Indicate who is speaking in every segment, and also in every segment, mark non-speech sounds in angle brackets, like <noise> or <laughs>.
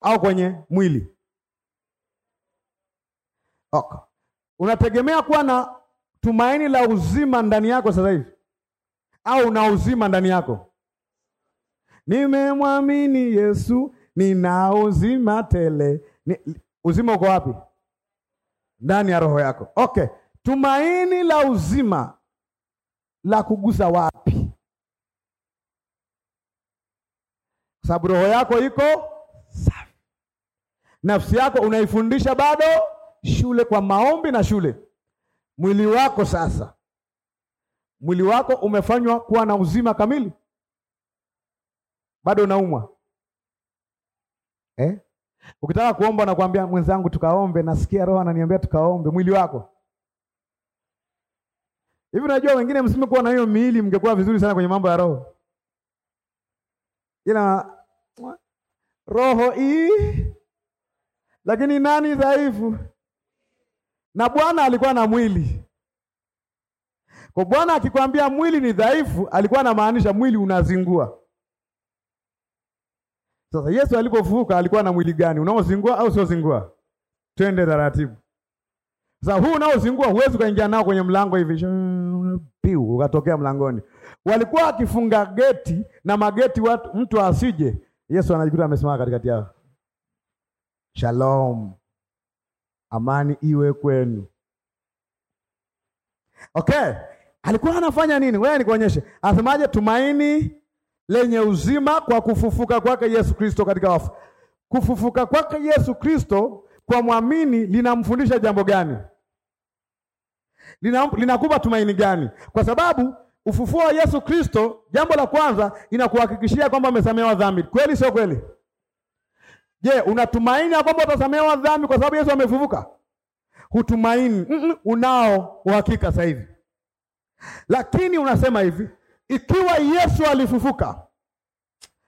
Speaker 1: au kwenye mwili. Okay. Unategemea kuwa na tumaini la uzima ndani yako sasa hivi au una uzima ndani yako? Nimemwamini Yesu, nina uzima tele. Ni, uzima uko wapi? Ndani ya roho yako. Okay. Tumaini la uzima la kugusa wapi? Sababu roho yako iko Nafsi yako unaifundisha bado shule kwa maombi na shule. Mwili wako sasa, mwili wako umefanywa kuwa na uzima kamili, bado unaumwa eh? Ukitaka kuomba nakwambia mwenzangu, tukaombe, nasikia Roho ananiambia tukaombe. Mwili wako hivi. Unajua wengine msimekuwa na hiyo miili, mngekuwa vizuri sana kwenye mambo ya roho, ila roho hii lakini nani dhaifu? Na Bwana alikuwa na mwili. Kwa Bwana akikwambia mwili ni dhaifu, alikuwa anamaanisha mwili unazingua. Sasa Yesu alipofufuka alikuwa na mwili gani? Unaozingua au usiozingua? Twende taratibu. Sasa huu unaozingua huwezi ukaingia nao kwenye mlango hivi. Piu ukatokea mlangoni. Walikuwa akifunga geti na mageti watu mtu asije. Yesu anajikuta amesimama katikati yao. Shalom, amani iwe kwenu. Okay, alikuwa anafanya nini? Wewe nikuonyeshe, anasemaje? Tumaini lenye uzima kwa kufufuka kwake Yesu Kristo katika wafu. Kufufuka kwake Yesu Kristo kwa mwamini linamfundisha jambo gani? Lina, tumaini gani? Kwa sababu ufufuo wa Yesu Kristo, jambo la kwanza, inakuhakikishia kwamba umesamehewa dhambi, kweli sio kweli? Je, unatumaini ya kwamba utasamehewa dhambi kwa sababu Yesu amefufuka? Hutumaini. mm -mm, unao uhakika sasa hivi, lakini unasema hivi, ikiwa Yesu alifufuka,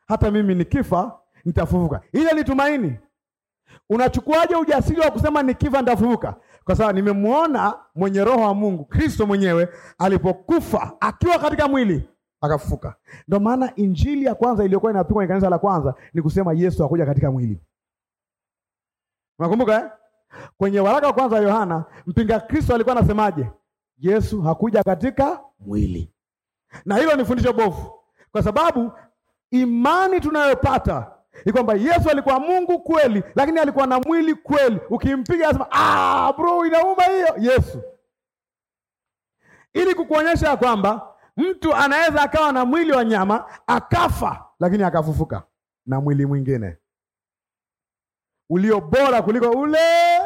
Speaker 1: hata mimi nikifa nitafufuka. Ile ni tumaini. Unachukuaje ujasiri wa kusema nikifa nitafufuka? Kwa sababu nimemwona mwenye roho wa Mungu Kristo mwenyewe alipokufa akiwa katika mwili akafufuka. Ndio maana injili ya kwanza iliyokuwa inapikwa kwenye kanisa la kwanza ni kusema Yesu akuja katika mwili. Unakumbuka eh? Kwenye waraka wa kwanza wa Yohana, mpinga Kristo alikuwa anasemaje? Yesu hakuja katika mwili. Na hilo ni fundisho bovu, kwa sababu imani tunayopata ni kwamba Yesu alikuwa Mungu kweli, lakini alikuwa na mwili kweli. Ukimpiga anasema ah, bro inauma hiyo Yesu, ili kukuonyesha ya kwamba Mtu anaweza akawa na mwili wa nyama akafa, lakini akafufuka na mwili mwingine ulio bora kuliko ule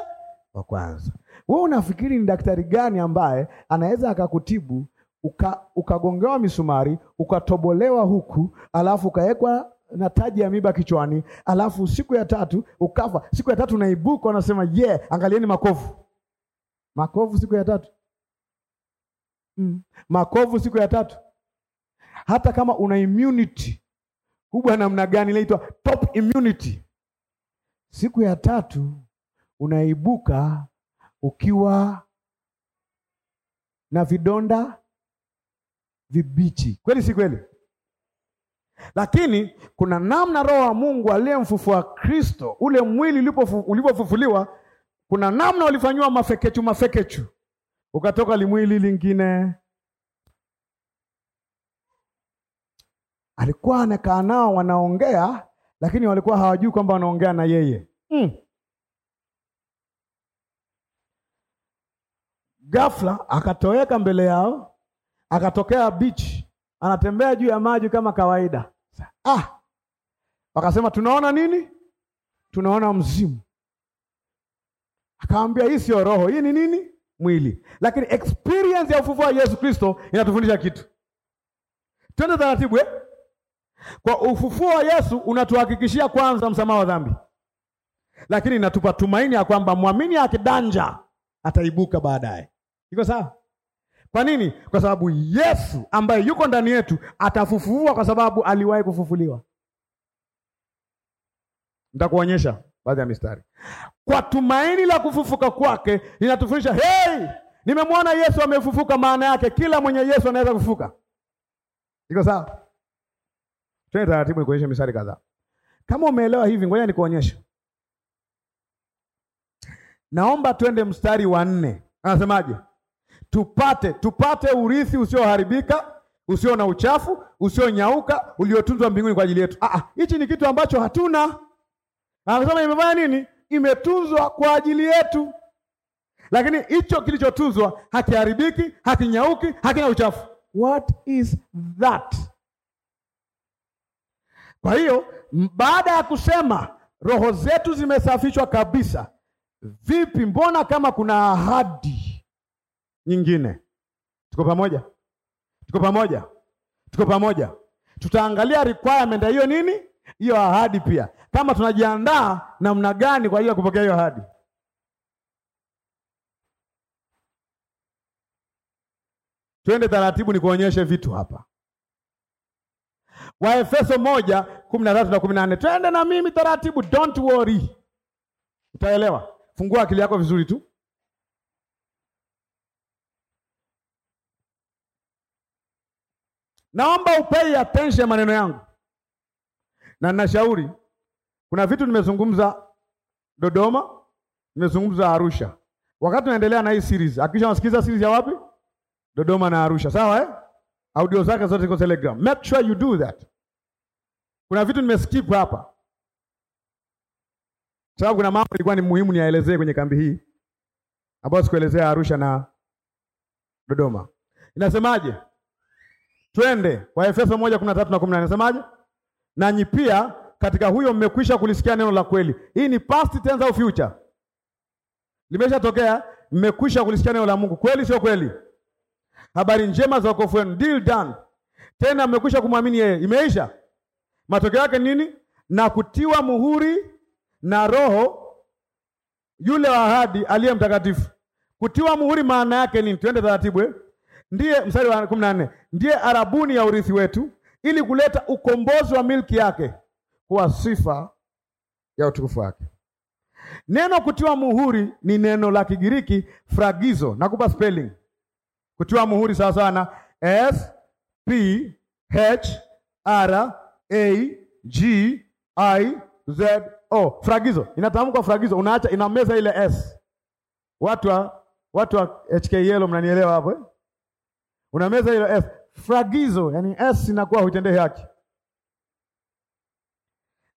Speaker 1: wa kwanza. Wewe unafikiri ni daktari gani ambaye anaweza akakutibu uka, ukagongewa misumari ukatobolewa huku alafu ukawekwa na taji ya miba kichwani alafu siku ya tatu ukafa, siku ya tatu unaibuka, unasema ye yeah, angalieni makovu makovu siku ya tatu mm. Makovu siku ya tatu, hata kama una immunity kubwa namna gani, inaitwa top immunity, siku ya tatu unaibuka ukiwa na vidonda vibichi. Kweli si kweli? Lakini kuna namna Roho wa Mungu aliyemfufua Kristo, ule mwili ulipofufuliwa, kuna namna ulifanyiwa mafekechu mafekechu ukatoka limwili lingine. Alikuwa anakaa nao wanaongea, lakini walikuwa hawajui kwamba wanaongea na yeye mm. Ghafla akatoweka mbele yao, akatokea bichi, anatembea juu ya maji kama kawaida. Ah, wakasema tunaona nini? Tunaona mzimu. Akamwambia hii sio roho, hii ni nini? mwili, lakini experience ya ufufuo wa Yesu Kristo inatufundisha kitu. Twende taratibu eh? Kwa ufufuo wa Yesu unatuhakikishia kwanza msamaha wa dhambi, lakini inatupa tumaini ya kwamba mwamini akidanja ataibuka baadaye. Iko sawa? Kwa nini? Kwa sababu Yesu ambaye yuko ndani yetu atafufua, kwa sababu aliwahi kufufuliwa. Nitakuonyesha baadhi ya mistari kwa tumaini la kufufuka kwake linatufundisha hey, nimemwona Yesu amefufuka. Maana yake kila mwenye Yesu anaweza kufufuka. Iko sawa? Twende taratibu, nikuonyeshe misali kadhaa. Kama umeelewa hivi, ngoja nikuonyeshe. Naomba twende mstari wa nne. Anasemaje? Tupate tupate urithi usioharibika usio na uchafu usionyauka uliotunzwa mbinguni kwa ajili yetu. Ah, ah hichi ni kitu ambacho hatuna. Anasema imefanya nini? imetunzwa kwa ajili yetu, lakini hicho kilichotunzwa hakiharibiki, hakinyauki, hakina uchafu. What is that? Kwa hiyo baada ya kusema roho zetu zimesafishwa kabisa, vipi? Mbona kama kuna ahadi nyingine? Tuko pamoja? Tuko pamoja? Tuko pamoja? Tutaangalia requirement hiyo nini, hiyo ahadi pia kama tunajiandaa namna gani kwa ajili ya kupokea hiyo ahadi. Twende taratibu, ni kuonyeshe vitu hapa. Waefeso moja kumi na tatu na kumi na nne. Twende na mimi taratibu, don't worry, utaelewa. Fungua akili yako vizuri tu. Naomba upei attention maneno yangu, na ninashauri kuna vitu nimezungumza Dodoma, nimezungumza Arusha. Wakati tunaendelea na hii series, hakikisha unasikiliza series ya wapi? Dodoma na Arusha, sawa eh? Audio zake zote ziko Telegram. Make sure you do that. Kuna vitu nimeskip hapa, sababu kuna mambo ilikuwa ni muhimu niyaelezee kwenye kambi hii ambayo sikuelezea Arusha na Dodoma. Inasemaje? Twende kwa Efeso 1:13 na 14 na na nne. Inasemaje? Nanyi pia katika huyo mmekwisha kulisikia neno la kweli. Hii ni past tense au future? Limeshatokea, mmekwisha kulisikia neno la Mungu, kweli sio kweli? Habari njema za wokovu wenu, deal done. Tena mmekwisha kumwamini yeye, imeisha. Matokeo yake nini? Na kutiwa muhuri na Roho yule wa ahadi aliye mtakatifu. Kutiwa muhuri maana yake nini? Tuende taratibu eh? Ndiye mstari wa 14, ndiye arabuni ya urithi wetu ili kuleta ukombozi wa milki yake kuwa sifa ya utukufu wake. Neno kutiwa muhuri ni neno la Kigiriki fragizo. Nakupa spelling. Kutiwa muhuri sawa sana S P H R A G I Z O. Fragizo. Inatamkwa fragizo. Unaacha inameza ile S. Watu wa watu wa HK Yellow mnanielewa hapo eh? Unameza ile S. Fragizo, yani S inakuwa hutendei haki.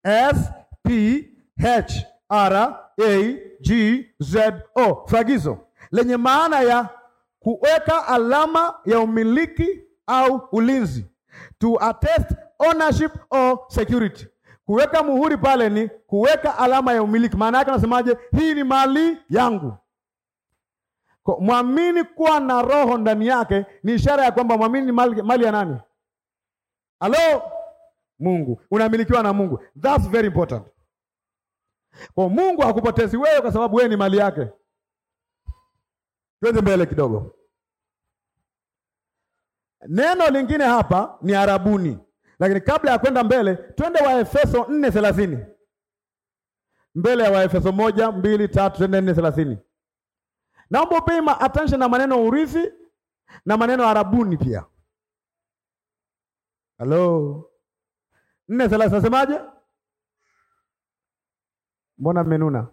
Speaker 1: F P H R A G Z O, fagizo lenye maana ya kuweka alama ya umiliki au ulinzi, to attest ownership or security. Kuweka muhuri pale ni kuweka alama ya umiliki. Maana yake anasemaje? Hii ni mali yangu. Mwamini kuwa na roho ndani yake ni ishara ya kwamba mwamini ni mali, mali ya nani? Halo. Mungu, unamilikiwa na Mungu. That's very important. Kwa Mungu hakupotezi wewe kwa sababu wewe ni mali yake. Twende mbele kidogo. Neno lingine hapa ni arabuni, lakini kabla ya kwenda mbele, twende Waefeso nne thelathini mbele ya Waefeso moja mbili tatu, twende nne thelathini. Naomba pay attention na maneno urithi na maneno arabuni pia. Hello nne thelathini nasemaje? Mbona mmenuna?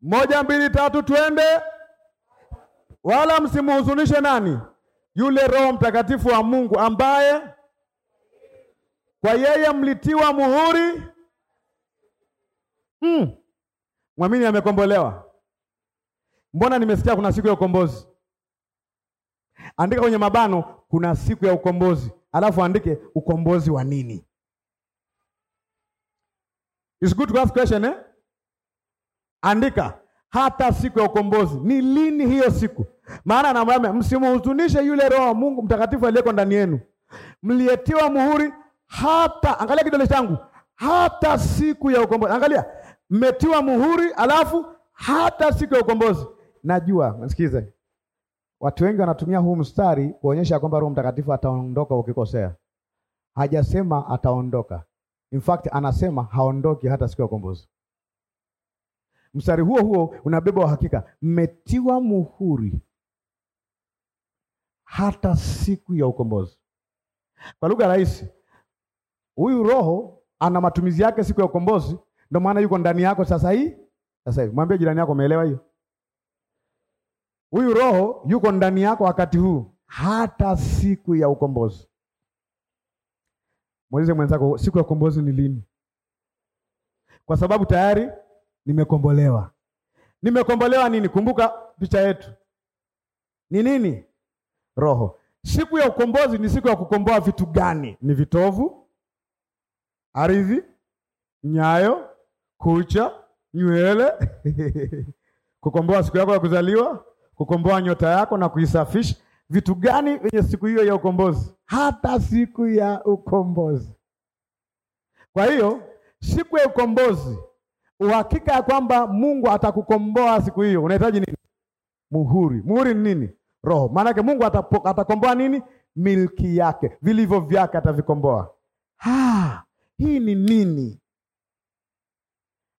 Speaker 1: Moja, mbili, tatu, twende. Wala msimuhuzunishe nani? Yule Roho Mtakatifu wa Mungu ambaye kwa yeye mlitiwa muhuri. Mm. Mwamini amekombolewa. Mbona nimesikia kuna siku ya ukombozi? Andika kwenye mabano kuna siku ya ukombozi, alafu andike ukombozi wa nini? It's good to ask question, eh? Andika hata siku ya ukombozi ni lini hiyo siku? Maana anamwambia msimhuzunishe yule Roho wa Mungu mtakatifu aliyeko ndani yenu, mlietiwa muhuri hata, angalia kidole changu, hata siku ya ukombozi. Angalia, mmetiwa muhuri, alafu hata siku ya ukombozi. Najua, msikize Watu wengi wanatumia huu mstari kuonyesha kwamba Roho Mtakatifu ataondoka ukikosea. Hajasema ataondoka. In fact anasema haondoki hata siku ya ukombozi. Mstari huo huo unabeba uhakika, mmetiwa muhuri hata siku ya ukombozi. Kwa lugha rahisi, huyu Roho ana matumizi yake siku ya ukombozi, ndio maana yuko ndani yako sasa hii sasa hivi. Mwambie jirani yako, umeelewa hiyo? Huyu roho yuko ndani yako wakati huu, hata siku ya ukombozi. Muulize mwenzako, siku ya ukombozi ni lini? Kwa sababu tayari nimekombolewa. Nimekombolewa nini? Kumbuka picha yetu ni nini? Roho. Siku ya ukombozi ni siku ya kukomboa vitu gani? Ni vitovu, ardhi, nyayo, kucha, nywele <laughs> kukomboa siku yako ya kuzaliwa kukomboa nyota yako na kuisafisha. Vitu gani vyenye siku hiyo ya ukombozi? Hata siku ya ukombozi. Kwa hiyo siku ya ukombozi, uhakika ya kwamba Mungu atakukomboa siku hiyo, unahitaji nini? Muhuri. Muhuri ni nini? Roho. Maanake Mungu atakomboa nini? Milki yake, vilivyo vyake atavikomboa. Ha, hii ni nini?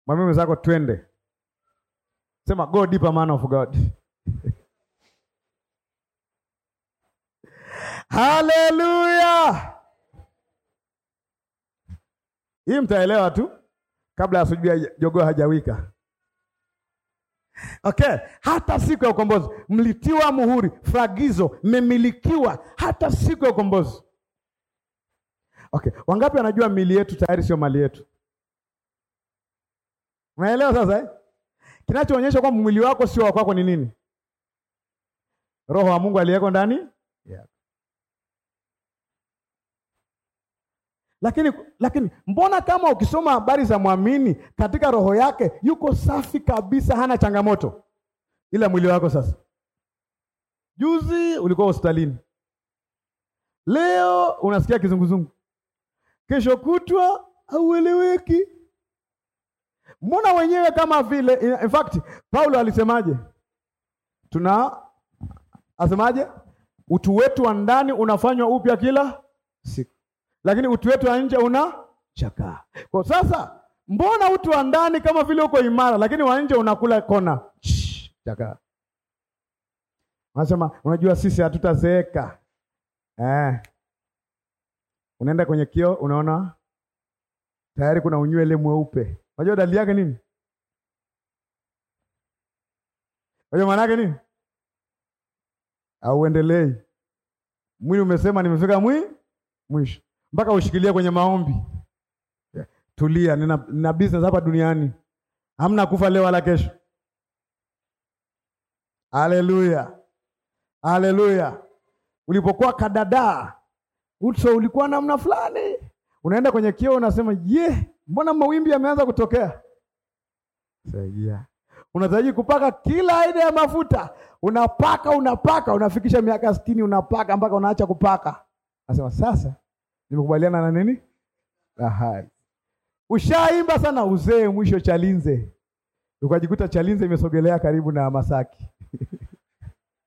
Speaker 1: Mwambie mwenzako twende, sema go deeper man of God. Haleluya! Hii mtaelewa tu kabla ya sujudu jogoo hajawika. Okay, hata siku ya ukombozi mlitiwa muhuri, fragizo, mmemilikiwa hata siku ya ukombozi. Okay, wangapi wanajua mili yetu tayari sio mali yetu? Unaelewa sasa eh? Kinachoonyesha kwamba mwili wako sio wa kwako ni nini? Roho wa Mungu aliyeko ndani yako. Yeah. Lakini lakini mbona kama ukisoma habari za mwamini katika roho yake yuko safi kabisa, hana changamoto, ila mwili wako sasa. Juzi ulikuwa hospitalini, leo unasikia kizunguzungu, kesho kutwa haueleweki. Mbona wenyewe kama vile, in fact Paulo alisemaje? Tuna asemaje? Utu wetu wa ndani unafanywa upya kila siku lakini utu wetu wa nje chakaa Kwa sasa, mbona utu wa ndani kama vile uko imara, lakini wa nje unakula kona chakaa? Anasema unajua sisi hatutazeeka eh. Unaenda kwenye kio unaona tayari kuna unywele mweupe. Unajua dalili yake nini? Unajua maana yake nini? Auendelei. Mwili umesema nimefika mwi mwisho mpaka ushikilie kwenye maombi. Tulia, nina, nina business hapa duniani, hamna kufa leo wala kesho. Haleluya, haleluya. Ulipokuwa kadada uso ulikuwa namna fulani, unaenda kwenye kio unasema ye, yeah, mbona mawimbi yameanza kutokea? Saidia yeah. Unahitaji kupaka kila aina ya mafuta, unapaka unapaka, unafikisha miaka sitini, unapaka mpaka unaacha kupaka, nasema sasa nimekubaliana na nini bahari. Ushaimba sana uzee, mwisho Chalinze ukajikuta Chalinze imesogelea karibu na Masaki.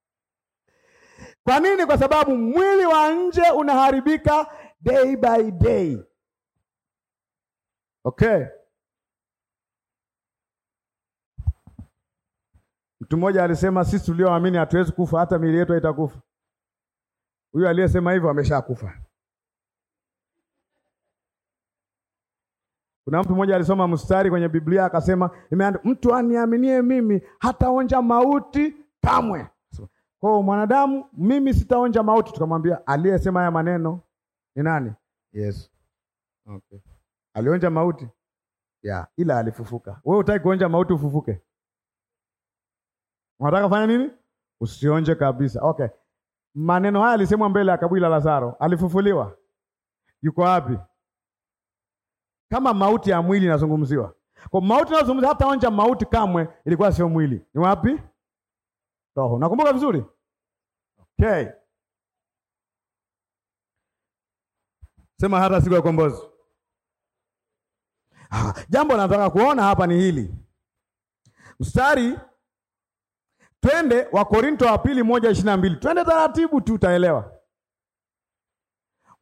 Speaker 1: <laughs> Kwa nini? Kwa sababu mwili wa nje unaharibika day by day. Okay. Mtu mmoja alisema sisi tulioamini hatuwezi kufa, hata miili yetu haitakufa. Huyu aliyesema hivyo ameshakufa. Kuna mtu mmoja alisoma mstari kwenye Biblia akasema, imeandika mtu aniaminie mimi hataonja mauti kamwe. Kwa hiyo mwanadamu, mimi sitaonja mauti. Tukamwambia aliyesema haya maneno ni nani? Yesu. Okay. Alionja mauti ya ila alifufuka. Wewe utaki kuonja mauti ufufuke? Unataka fanya nini? Usionje kabisa. Okay. Maneno haya alisemwa mbele ya kaburi la Lazaro. Alifufuliwa. Yuko wapi? kama mauti ya mwili inazungumziwa. Kwa mauti inazungumzia hata wanja mauti kamwe ilikuwa sio mwili. Ni wapi? Roho. Nakumbuka vizuri? Okay. Sema hata siku ya ukombozi. Ah, jambo nataka kuona hapa ni hili mstari, twende wa Korinto wa pili moja ishirini na mbili. Twende taratibu tu utaelewa.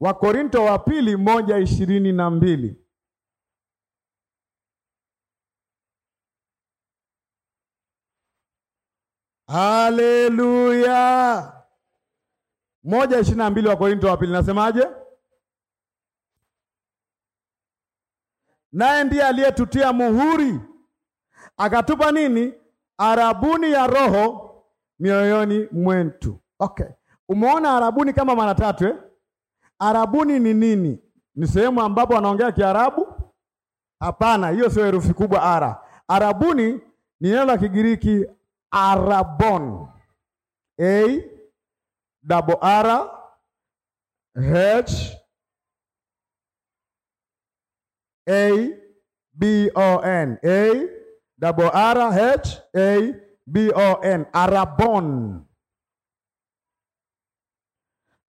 Speaker 1: Wa Korinto wa pili moja ishirini na mbili. Haleluya. Moja ishirini na mbili wa Korinto wa pili nasemaje? Naye ndiye aliyetutia muhuri akatupa nini? Arabuni ya Roho mioyoni mwetu. Okay, umeona arabuni kama mara tatu eh? Arabuni ni nini? Ni sehemu ambapo wanaongea Kiarabu? Hapana, hiyo sio herufi kubwa ara. Arabuni ni neno la Kigiriki Arabon. A double R H A B O N. A double R H A B O N. Arabon.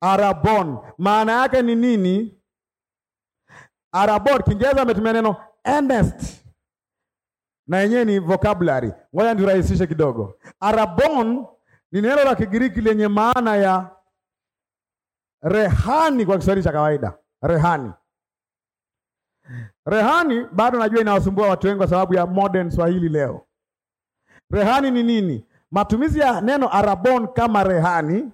Speaker 1: Arabon maana yake ni nini? Arabon Kiingereza ametumia neno earnest na yenyewe ni vocabulary. Ngoja nirahisishe kidogo. Arabon ni neno la Kigiriki lenye maana ya rehani kwa Kiswahili cha kawaida. Rehani, rehani bado najua inawasumbua watu wengi kwa sababu ya modern Swahili leo. Rehani ni nini? Matumizi ya neno arabon kama rehani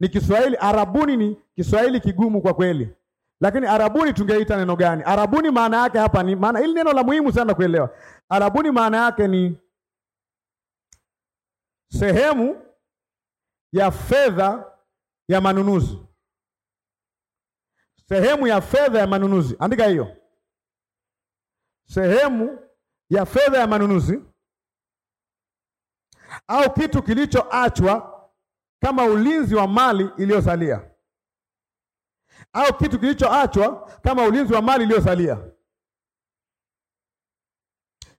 Speaker 1: ni Kiswahili. Arabuni ni Kiswahili kigumu kwa kweli, lakini arabuni tungeita neno gani? Arabuni maana yake hapa ni maana, ili neno la muhimu sana kuelewa Arabuni maana yake ni sehemu ya fedha ya manunuzi, sehemu ya fedha ya manunuzi. Andika hiyo, sehemu ya fedha ya manunuzi au kitu kilichoachwa kama ulinzi wa mali iliyosalia, au kitu kilichoachwa kama ulinzi wa mali iliyosalia.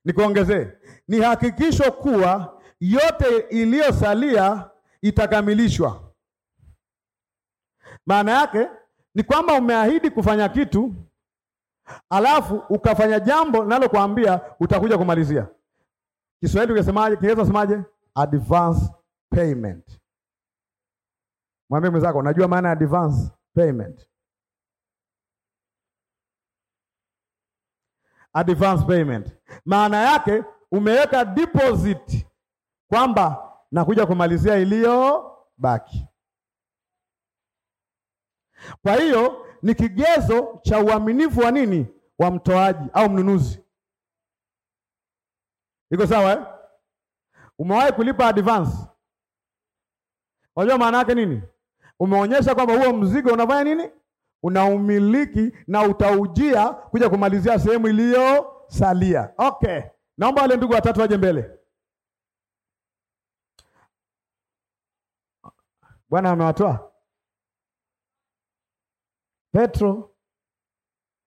Speaker 1: Nikuongezee, ni hakikisho kuwa yote iliyosalia itakamilishwa. Maana yake ni kwamba umeahidi kufanya kitu alafu ukafanya jambo nalokuambia utakuja kumalizia. Kiswahili ungesemaje? Kiingereza semaje? Advance payment. Mwambie mwenzako, unajua maana ya advance payment? advance payment. Maana yake umeweka deposit kwamba nakuja kumalizia iliyo baki. Kwa hiyo ni kigezo cha uaminifu wa nini, wa mtoaji au mnunuzi. Iko sawa eh? Umewahi kulipa advance, unajua maana yake nini? Umeonyesha kwamba huo mzigo unafanya nini unaumiliki na utaujia kuja kumalizia sehemu iliyosalia. Okay, naomba wale ndugu watatu waje mbele. Bwana amewatoa Petro,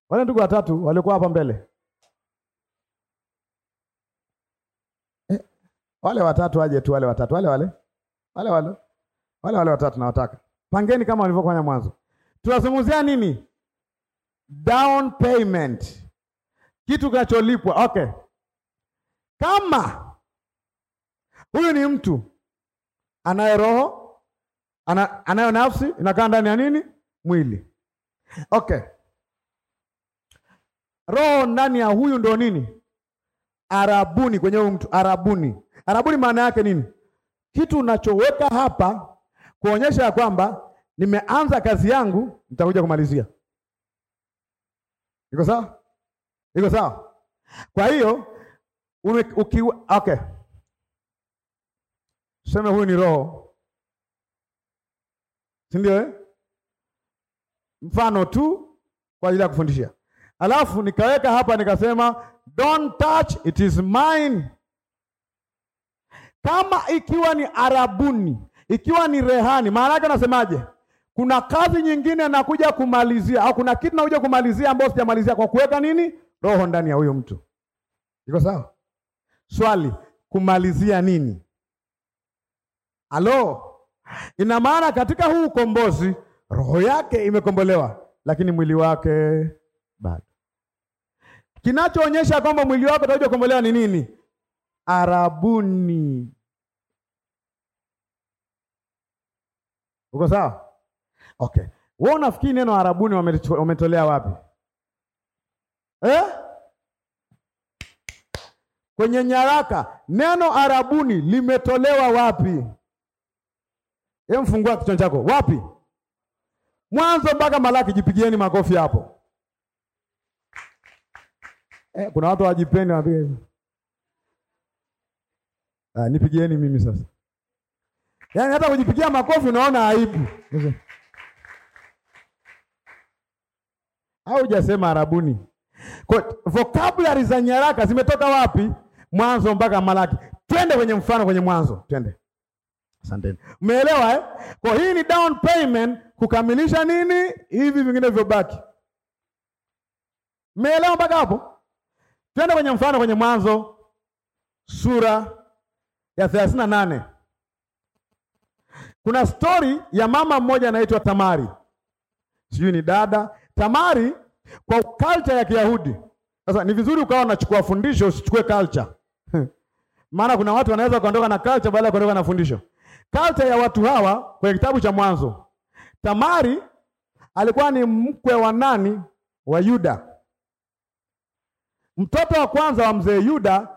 Speaker 1: wale ndugu watatu walikuwa hapa mbele eh, wale watatu waje tu, wale watatu wale wale wale wale wale wale watatu, nawataka pangeni kama walivyofanya mwanzo tunazungumzia nini? Down payment, kitu kinacholipwa. Okay, kama huyu ni mtu anaye roho ana, anayo nafsi inakaa ndani ya nini mwili. Okay, roho ndani ya huyu ndo nini? Arabuni kwenye huyu mtu arabuni. Arabuni maana yake nini? Kitu unachoweka hapa kuonyesha ya kwamba nimeanza kazi yangu, nitakuja kumalizia. Iko sawa? Iko sawa? Kwa hiyo uki okay, seme huyu ni roho, si ndio eh? Mfano tu kwa ajili ya kufundishia, alafu nikaweka hapa nikasema, don't touch it is mine. Kama ikiwa ni arabuni, ikiwa ni rehani, maana yake anasemaje? Kuna kazi nyingine nakuja kumalizia au kuna kitu nakuja kumalizia ambayo sijamalizia kwa kuweka nini? Roho ndani ya huyo mtu. Iko sawa? Swali, kumalizia nini? Halo? Ina maana katika huu ukombozi roho yake imekombolewa, lakini mwili wake bado. Kinachoonyesha kwamba mwili wake utakuja kukombolewa ni nini? Arabuni. Uko sawa? Okay. Wewe unafikiri neno arabuni wametolea wapi? Eh? Kwenye nyaraka neno arabuni limetolewa wapi? Hebu mfungua kichwa chako. Wapi? Mwanzo mpaka Malaki, jipigieni makofi hapo. Eh, kuna watu hawajipendi wapiga hivi. Ah, nipigieni mimi sasa. Yaani hata kujipigia makofi unaona aibu. au hujasema Arabuni? Kwa vocabulary za nyaraka zimetoka wapi? Mwanzo mpaka Malaki. Twende kwenye mfano, kwenye Mwanzo, twende. Asanteni, umeelewa eh? Kwa hii ni down payment kukamilisha nini hivi vingine vyobaki. Umeelewa mpaka hapo? Twende kwenye mfano, kwenye Mwanzo sura ya thelathini na nane kuna stori ya mama mmoja anaitwa Tamari, sijui ni dada Tamari kwa culture ya Kiyahudi. Sasa ni vizuri ukawa unachukua fundisho, usichukue culture. <laughs> Maana kuna watu wanaweza kuondoka na culture baada ya kuondoka na fundisho. Culture ya watu hawa kwenye kitabu cha Mwanzo, Tamari alikuwa ni mkwe wa nani? Wa Yuda. Mtoto wa kwanza wa mzee Yuda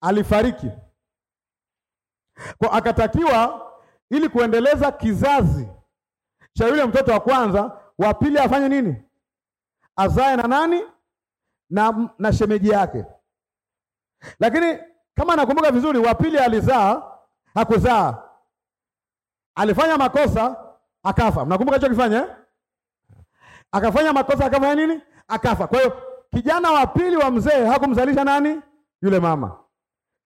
Speaker 1: alifariki, kwa akatakiwa ili kuendeleza kizazi cha yule mtoto wa kwanza wa pili afanye nini? Azae na nani? Na, na shemeji yake. Lakini kama nakumbuka vizuri, wa pili alizaa, hakuzaa, alifanya makosa akafa. Mnakumbuka hicho kifanya eh? Akafanya makosa akafanya nini? Akafa. Kwa hiyo kijana wa pili wa mzee hakumzalisha nani? Yule mama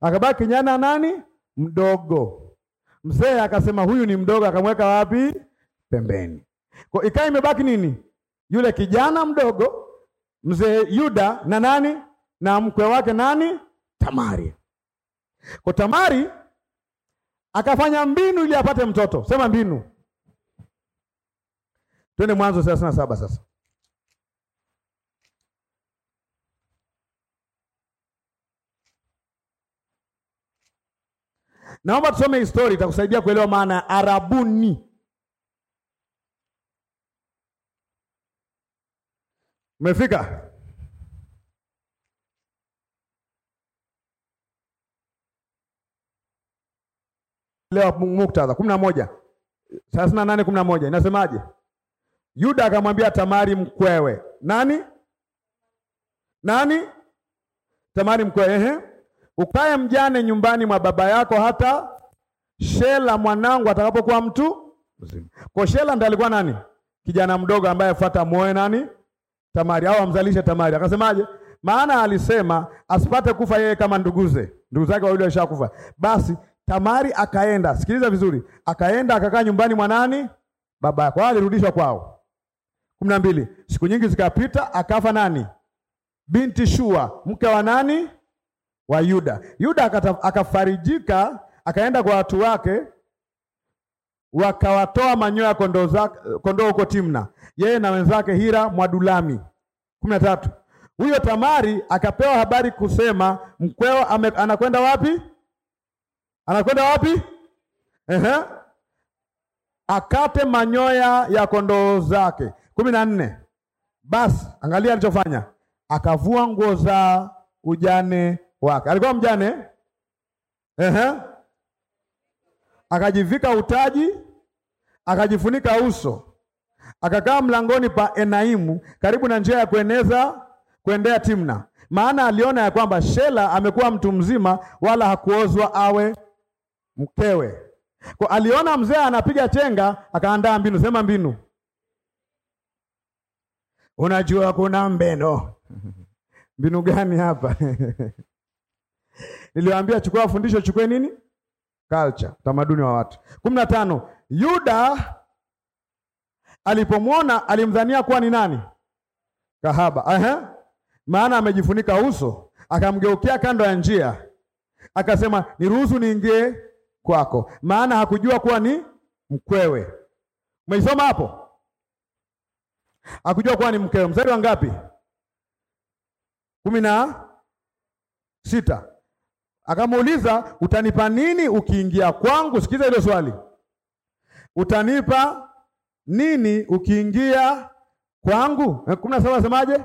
Speaker 1: akabaki kijana nani mdogo. Mzee akasema huyu ni mdogo, akamweka wapi? Pembeni. Kwa ikawa imebaki nini? Yule kijana mdogo mzee Yuda na nani na mkwe wake nani? Tamari. Kwa Tamari akafanya mbinu ili apate mtoto. Sema mbinu. Twende Mwanzo thelathini na saba sasa. Naomba tusome historia, itakusaidia kuelewa maana ya arabuni. Umefika? Leo muktadha kumi na moja thelathini na nane kumi na moja inasemaje? Yuda akamwambia Tamari mkwewe nani nani? Tamari mkwewe, ehe, ukae mjane nyumbani mwa baba yako hata Shela mwanangu atakapokuwa mtu mzima. Kwa Shela ndiye alikuwa nani? Kijana mdogo ambaye afuata muoe nani? Tamari au amzalishe Tamari. Akasemaje? Maana alisema asipate kufa yeye kama nduguze. Ndugu zake wawili washakufa. Basi Tamari akaenda, sikiliza vizuri, akaenda akakaa nyumbani mwanani Baba yake. Wao alirudishwa kwao. kumi na mbili. Siku nyingi zikapita, akafa nani? Binti Shua, mke wa nani? Wa Yuda. Yuda akafarijika, akaenda kwa watu wake, wakawatoa manyoya kondoo zake, kondoo huko Timna yeye na wenzake Hira Mwadulami. kumi na tatu. Huyo Tamari akapewa habari kusema mkweo ame, anakwenda wapi? Anakwenda wapi? Ehe. Akate manyoya ya kondoo zake. kumi na nne. Basi angalia alichofanya, akavua nguo za ujane wake. Alikuwa mjane ehe, akajivika utaji, akajifunika uso, Akakaa mlangoni pa Enaimu karibu na njia ya kueneza kuendea Timna, maana aliona ya kwamba Shela amekuwa mtu mzima, wala hakuozwa awe mkewe. Kwa aliona mzee anapiga chenga, akaandaa mbinu. Sema mbinu. Unajua kuna mbeno <laughs> mbinu gani hapa? <laughs> Niliwaambia chukua fundisho, chukue nini? Culture, utamaduni wa watu. kumi na tano Yuda Alipomwona alimdhania kuwa ni nani? Kahaba. Aha. Maana amejifunika uso, akamgeukia kando ya njia, akasema niruhusu niingie kwako, maana hakujua kuwa ni mkwewe. Umeisoma hapo? Hakujua kuwa ni mkwewe. Mstari wa ngapi? kumi na sita. Akamuuliza, utanipa nini ukiingia kwangu? Sikiza hilo swali, utanipa nini ukiingia kwangu. Eh, kumi na saba asemaje?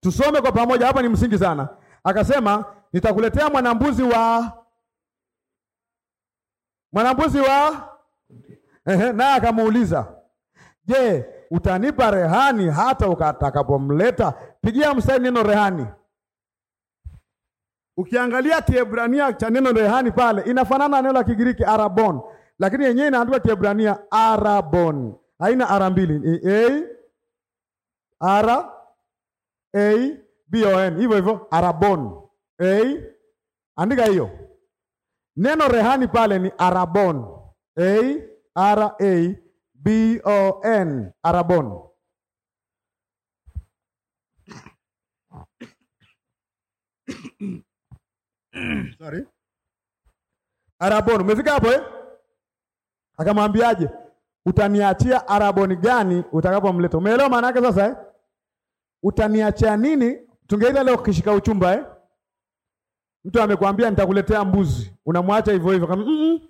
Speaker 1: Tusome kwa pamoja, hapa ni msingi sana. Akasema nitakuletea mwanambuzi wa mwanambuzi wa naye akamuuliza, je, utanipa rehani hata ukatakapomleta? Pigia mstari neno rehani. Ukiangalia Kiebrania cha neno rehani pale inafanana na neno la Kigiriki arabon lakini yenyewe inaandikwa Kiebrania arabon, haina ara mbili, a ara a b o n, hivyo hivyo arabon a. Andika hiyo neno rehani pale ni arabon a ara a b o n, arabon. <coughs> Sorry, arabon. Umefika hapo eh? Akamwambiaje? Utaniachia araboni gani utakapomleta? Umeelewa maana yake sasa eh? Utaniachia nini? Tungeita leo kishika uchumba eh? Mtu amekwambia nitakuletea mbuzi, unamwacha hivyo hivyo kama mm -mm.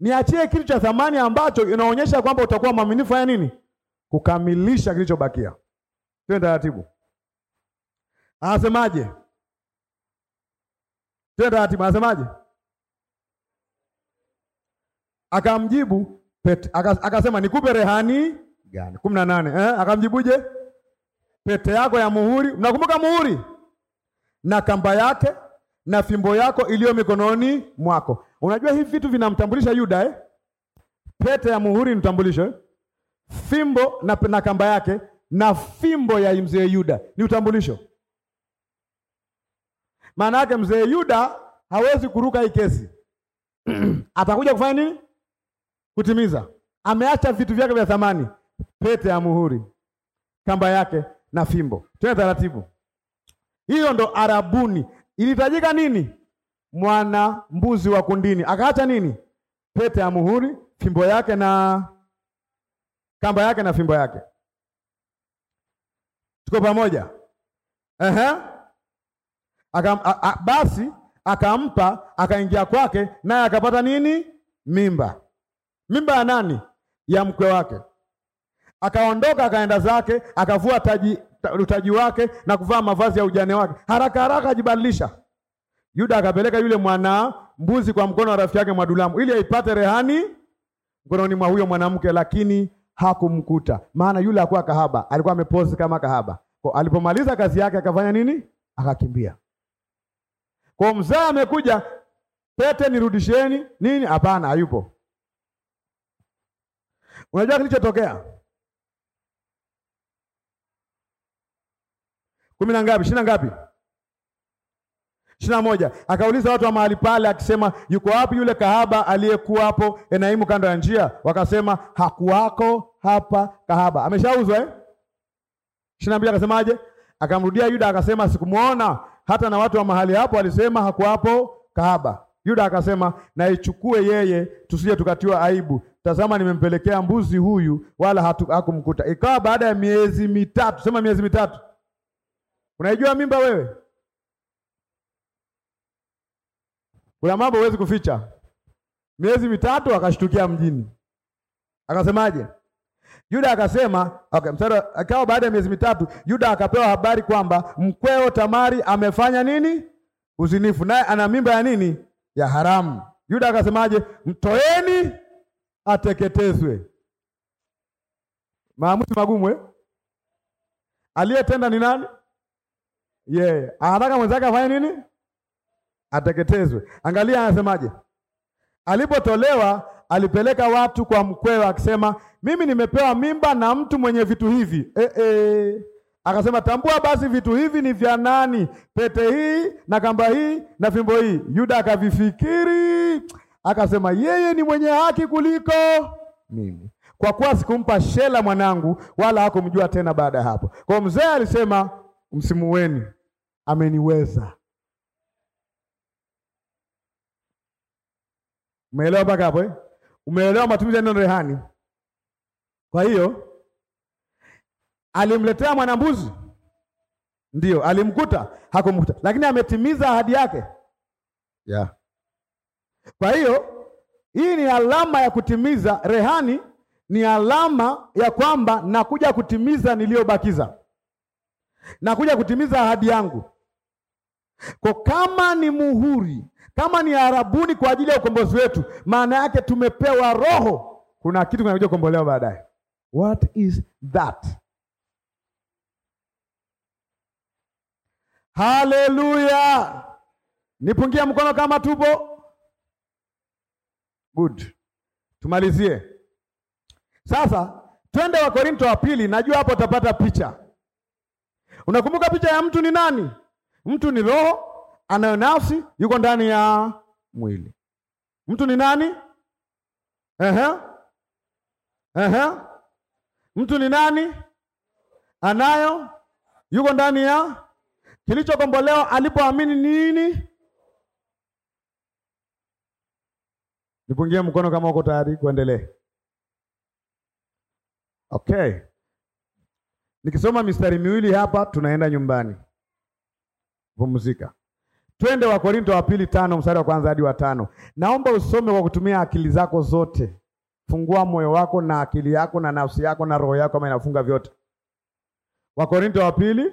Speaker 1: Niachie kitu cha thamani ambacho inaonyesha kwamba utakuwa mwaminifu ya nini? Kukamilisha kilichobakia. Twende taratibu. Anasemaje? Twende taratibu, anasemaje? Akamjibu pete, akasema nikupe rehani gani? kumi na nane eh? Akamjibuje? pete yako ya muhuri, mnakumbuka muhuri na kamba yake na fimbo yako iliyo mikononi mwako. Unajua hivi vitu vinamtambulisha Yuda eh? Pete ya muhuri ni utambulisho eh? Fimbo na, na kamba yake na fimbo ya mzee Yuda ni utambulisho. Maana yake mzee Yuda hawezi kuruka hii kesi <clears throat> atakuja kufanya nini? kutimiza. Ameacha vitu vyake vya thamani, pete ya muhuri, kamba yake na fimbo. Tena taratibu. Hiyo ndo arabuni. Ilitajika nini? Mwana mbuzi wa kundini. Akaacha nini? Pete ya muhuri, fimbo yake na kamba yake na fimbo yake. Tuko pamoja? Ehe. Aka, a, a, basi akampa akaingia kwake naye akapata nini? Mimba mimba ya nani? Ya mkwe wake. Akaondoka akaenda zake, akavua taji, utaji wake na kuvaa mavazi ya ujane wake, haraka haraka ajibadilisha. Yuda akapeleka yule mwana mbuzi kwa mkono wa rafiki yake Mwadulamu ili aipate rehani mkononi mwa huyo mwanamke, lakini hakumkuta, maana yule hakuwa kahaba, alikuwa amepozi kama kahaba. Kwa alipomaliza kazi yake akafanya nini? Akakimbia. Kwa mzaa amekuja, pete nirudisheni nini? Hapana, hayupo. Unajua kilichotokea kumi na ngapi? Ishirini na ngapi? Ishirini na moja. Akauliza watu wa mahali pale akisema, yuko wapi yule kahaba aliyekuwa hapo Enaimu kando ya njia? Wakasema, hakuwako hapa kahaba, ameshauzwa eh? Ishirini na mbili. Akasemaje? Akamrudia Yuda akasema, sikumwona, hata na watu wa mahali hapo walisema hakuwapo kahaba. Yuda akasema, naichukue yeye, tusije tukatiwa aibu tazama, nimempelekea mbuzi huyu, wala hakumkuta. Ikawa baada ya miezi mitatu, sema miezi mitatu. Unaijua mimba wewe? Kuna mambo huwezi kuficha. Miezi mitatu akashtukia mjini, akasemaje? Yuda akasema okay, msara, akawa baada ya miezi mitatu Yuda akapewa habari kwamba mkweo Tamari amefanya nini? Uzinifu, naye ana mimba ya nini? Ya haramu. Yuda akasemaje? Mtoeni ateketezwe. Maamuzi magumu eh? Aliyetenda ni nani? Yeye. Yeah. Anataka mwenzake afanye nini? Ateketezwe. Angalia anasemaje? Alipotolewa alipeleka watu kwa mkwewe akisema, mimi nimepewa mimba na mtu mwenye vitu hivi. eh, -e. Akasema, tambua basi vitu hivi ni vya nani? Pete hii na kamba hii na fimbo hii. Yuda akavifikiri Akasema yeye ni mwenye haki kuliko mimi, kwa kuwa sikumpa shela mwanangu, wala hakumjua tena baada ya hapo. Kwa mzee alisema, msimuweni, ameniweza. Umeelewa mpaka hapo eh? Umeelewa matumizi ya neno rehani? Kwa hiyo alimletea mwanambuzi, ndio alimkuta, hakumkuta, lakini ametimiza ahadi yake yeah. Kwa hiyo hii ni alama ya kutimiza, rehani ni alama ya kwamba nakuja kutimiza niliyobakiza, nakuja kutimiza ahadi yangu. Kwa kama ni muhuri, kama ni arabuni kwa ajili ya ukombozi wetu, maana yake tumepewa roho, kuna kitu kinakuja kukombolewa baadaye. What is that? Haleluya! Nipungia mkono kama tupo Good. Tumalizie sasa, twende wa Korinto wa pili. Najua hapo utapata picha. Unakumbuka picha ya mtu ni nani? Mtu ni roho anayo nafsi, yuko ndani ya mwili. Mtu ni nani? Ehe. Ehe. Mtu ni nani? Anayo, yuko ndani ya kilichokombolewa. Alipoamini nini? Nipungie mkono kama uko tayari kuendelea. Okay. Nikisoma mistari miwili hapa tunaenda nyumbani. Pumzika. Twende wa Korinto wa pili tano mstari wa kwanza hadi wa tano. Naomba usome kwa kutumia akili zako zote. Fungua moyo wako na akili yako na nafsi yako na roho yako kama inafunga vyote. Wa Korinto wa pili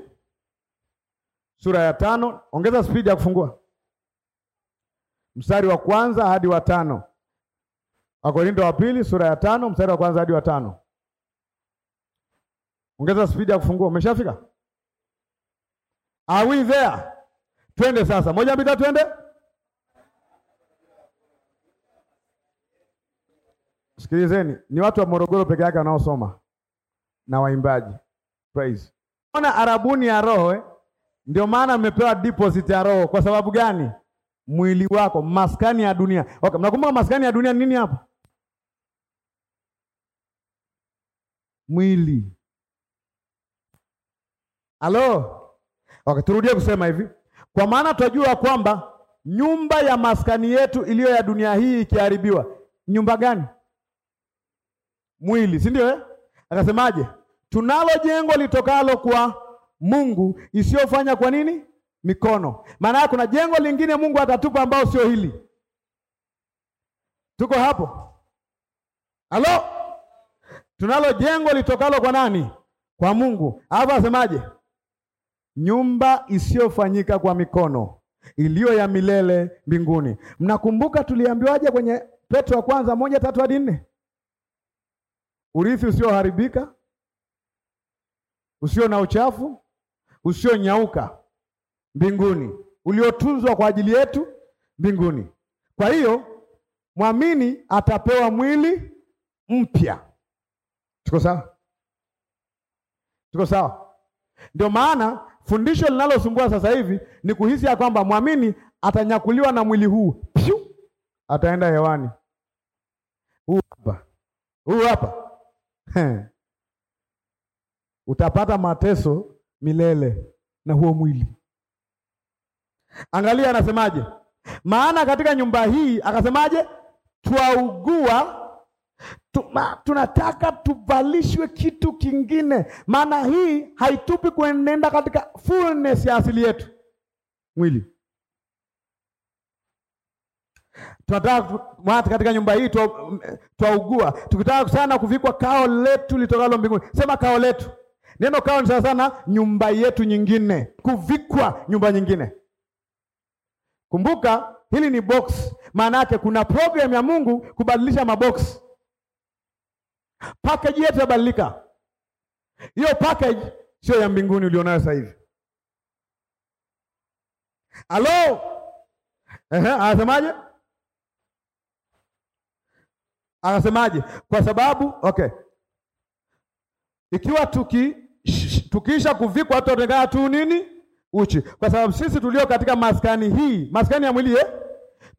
Speaker 1: sura ya tano, ongeza spidi ya kufungua. Mstari wa kwanza hadi wa tano. Wakorinto wa pili sura ya tano mstari wa kwanza hadi wa tano. Ongeza spidi ya kufungua. Umeshafika? Are we there? Twende sasa. Moja mbili twende. Sikilizeni, ni watu wa Morogoro peke yake wanaosoma na waimbaji. Praise. Ona arabuni ya roho eh? Ndio maana mmepewa deposit ya roho kwa sababu gani? Mwili wako maskani ya dunia. Okay, mnakumbuka maskani ya dunia nini hapo? mwili. Halo? Okay, turudie kusema hivi. Kwa maana twajua kwamba nyumba ya maskani yetu iliyo ya dunia hii ikiharibiwa, nyumba gani? Mwili, si ndio eh? Akasemaje? Tunalo jengo litokalo kwa Mungu isiyofanya kwa nini? Mikono. Maana kuna jengo lingine Mungu atatupa ambao sio hili. Tuko hapo? Halo? Tunalo jengo litokalo kwa nani? Kwa Mungu. Hapa asemaje? Nyumba isiyofanyika kwa mikono, iliyo ya milele mbinguni. Mnakumbuka tuliambiwaje kwenye Petro wa kwanza moja tatu hadi nne? Urithi usioharibika, usio na uchafu, usionyauka mbinguni, uliotunzwa kwa ajili yetu mbinguni. Kwa hiyo mwamini atapewa mwili mpya Tuko sawa? Tuko sawa? Ndio maana fundisho linalosumbua sasa hivi ni kuhisi ya kwamba mwamini atanyakuliwa na mwili huu, pshu, ataenda hewani. Huu hapa, huu hapa, utapata mateso milele na huo mwili. Angalia anasemaje, maana katika nyumba hii akasemaje, twaugua Tuma, tunataka tuvalishwe kitu kingine, maana hii haitupi kuenenda katika fullness ya asili yetu mwili. Tunataka katika nyumba hii twaugua, tukitaka sana kuvikwa kao letu litokalo mbinguni. Sema kao letu. Neno kao ni sana sana nyumba yetu nyingine, kuvikwa nyumba nyingine. Kumbuka hili ni box, maana yake kuna program ya Mungu kubadilisha maboksi Package yetu yabadilika. Hiyo package sio ya mbinguni ulionayo sasa hivi. Halo, ehe, anasemaje? Anasemaje? Kwa sababu okay, ikiwa tuki tukiisha kuvikwa tutaonekana tu nini uchi, kwa sababu sisi tulio katika maskani hii, maskani ya mwili eh?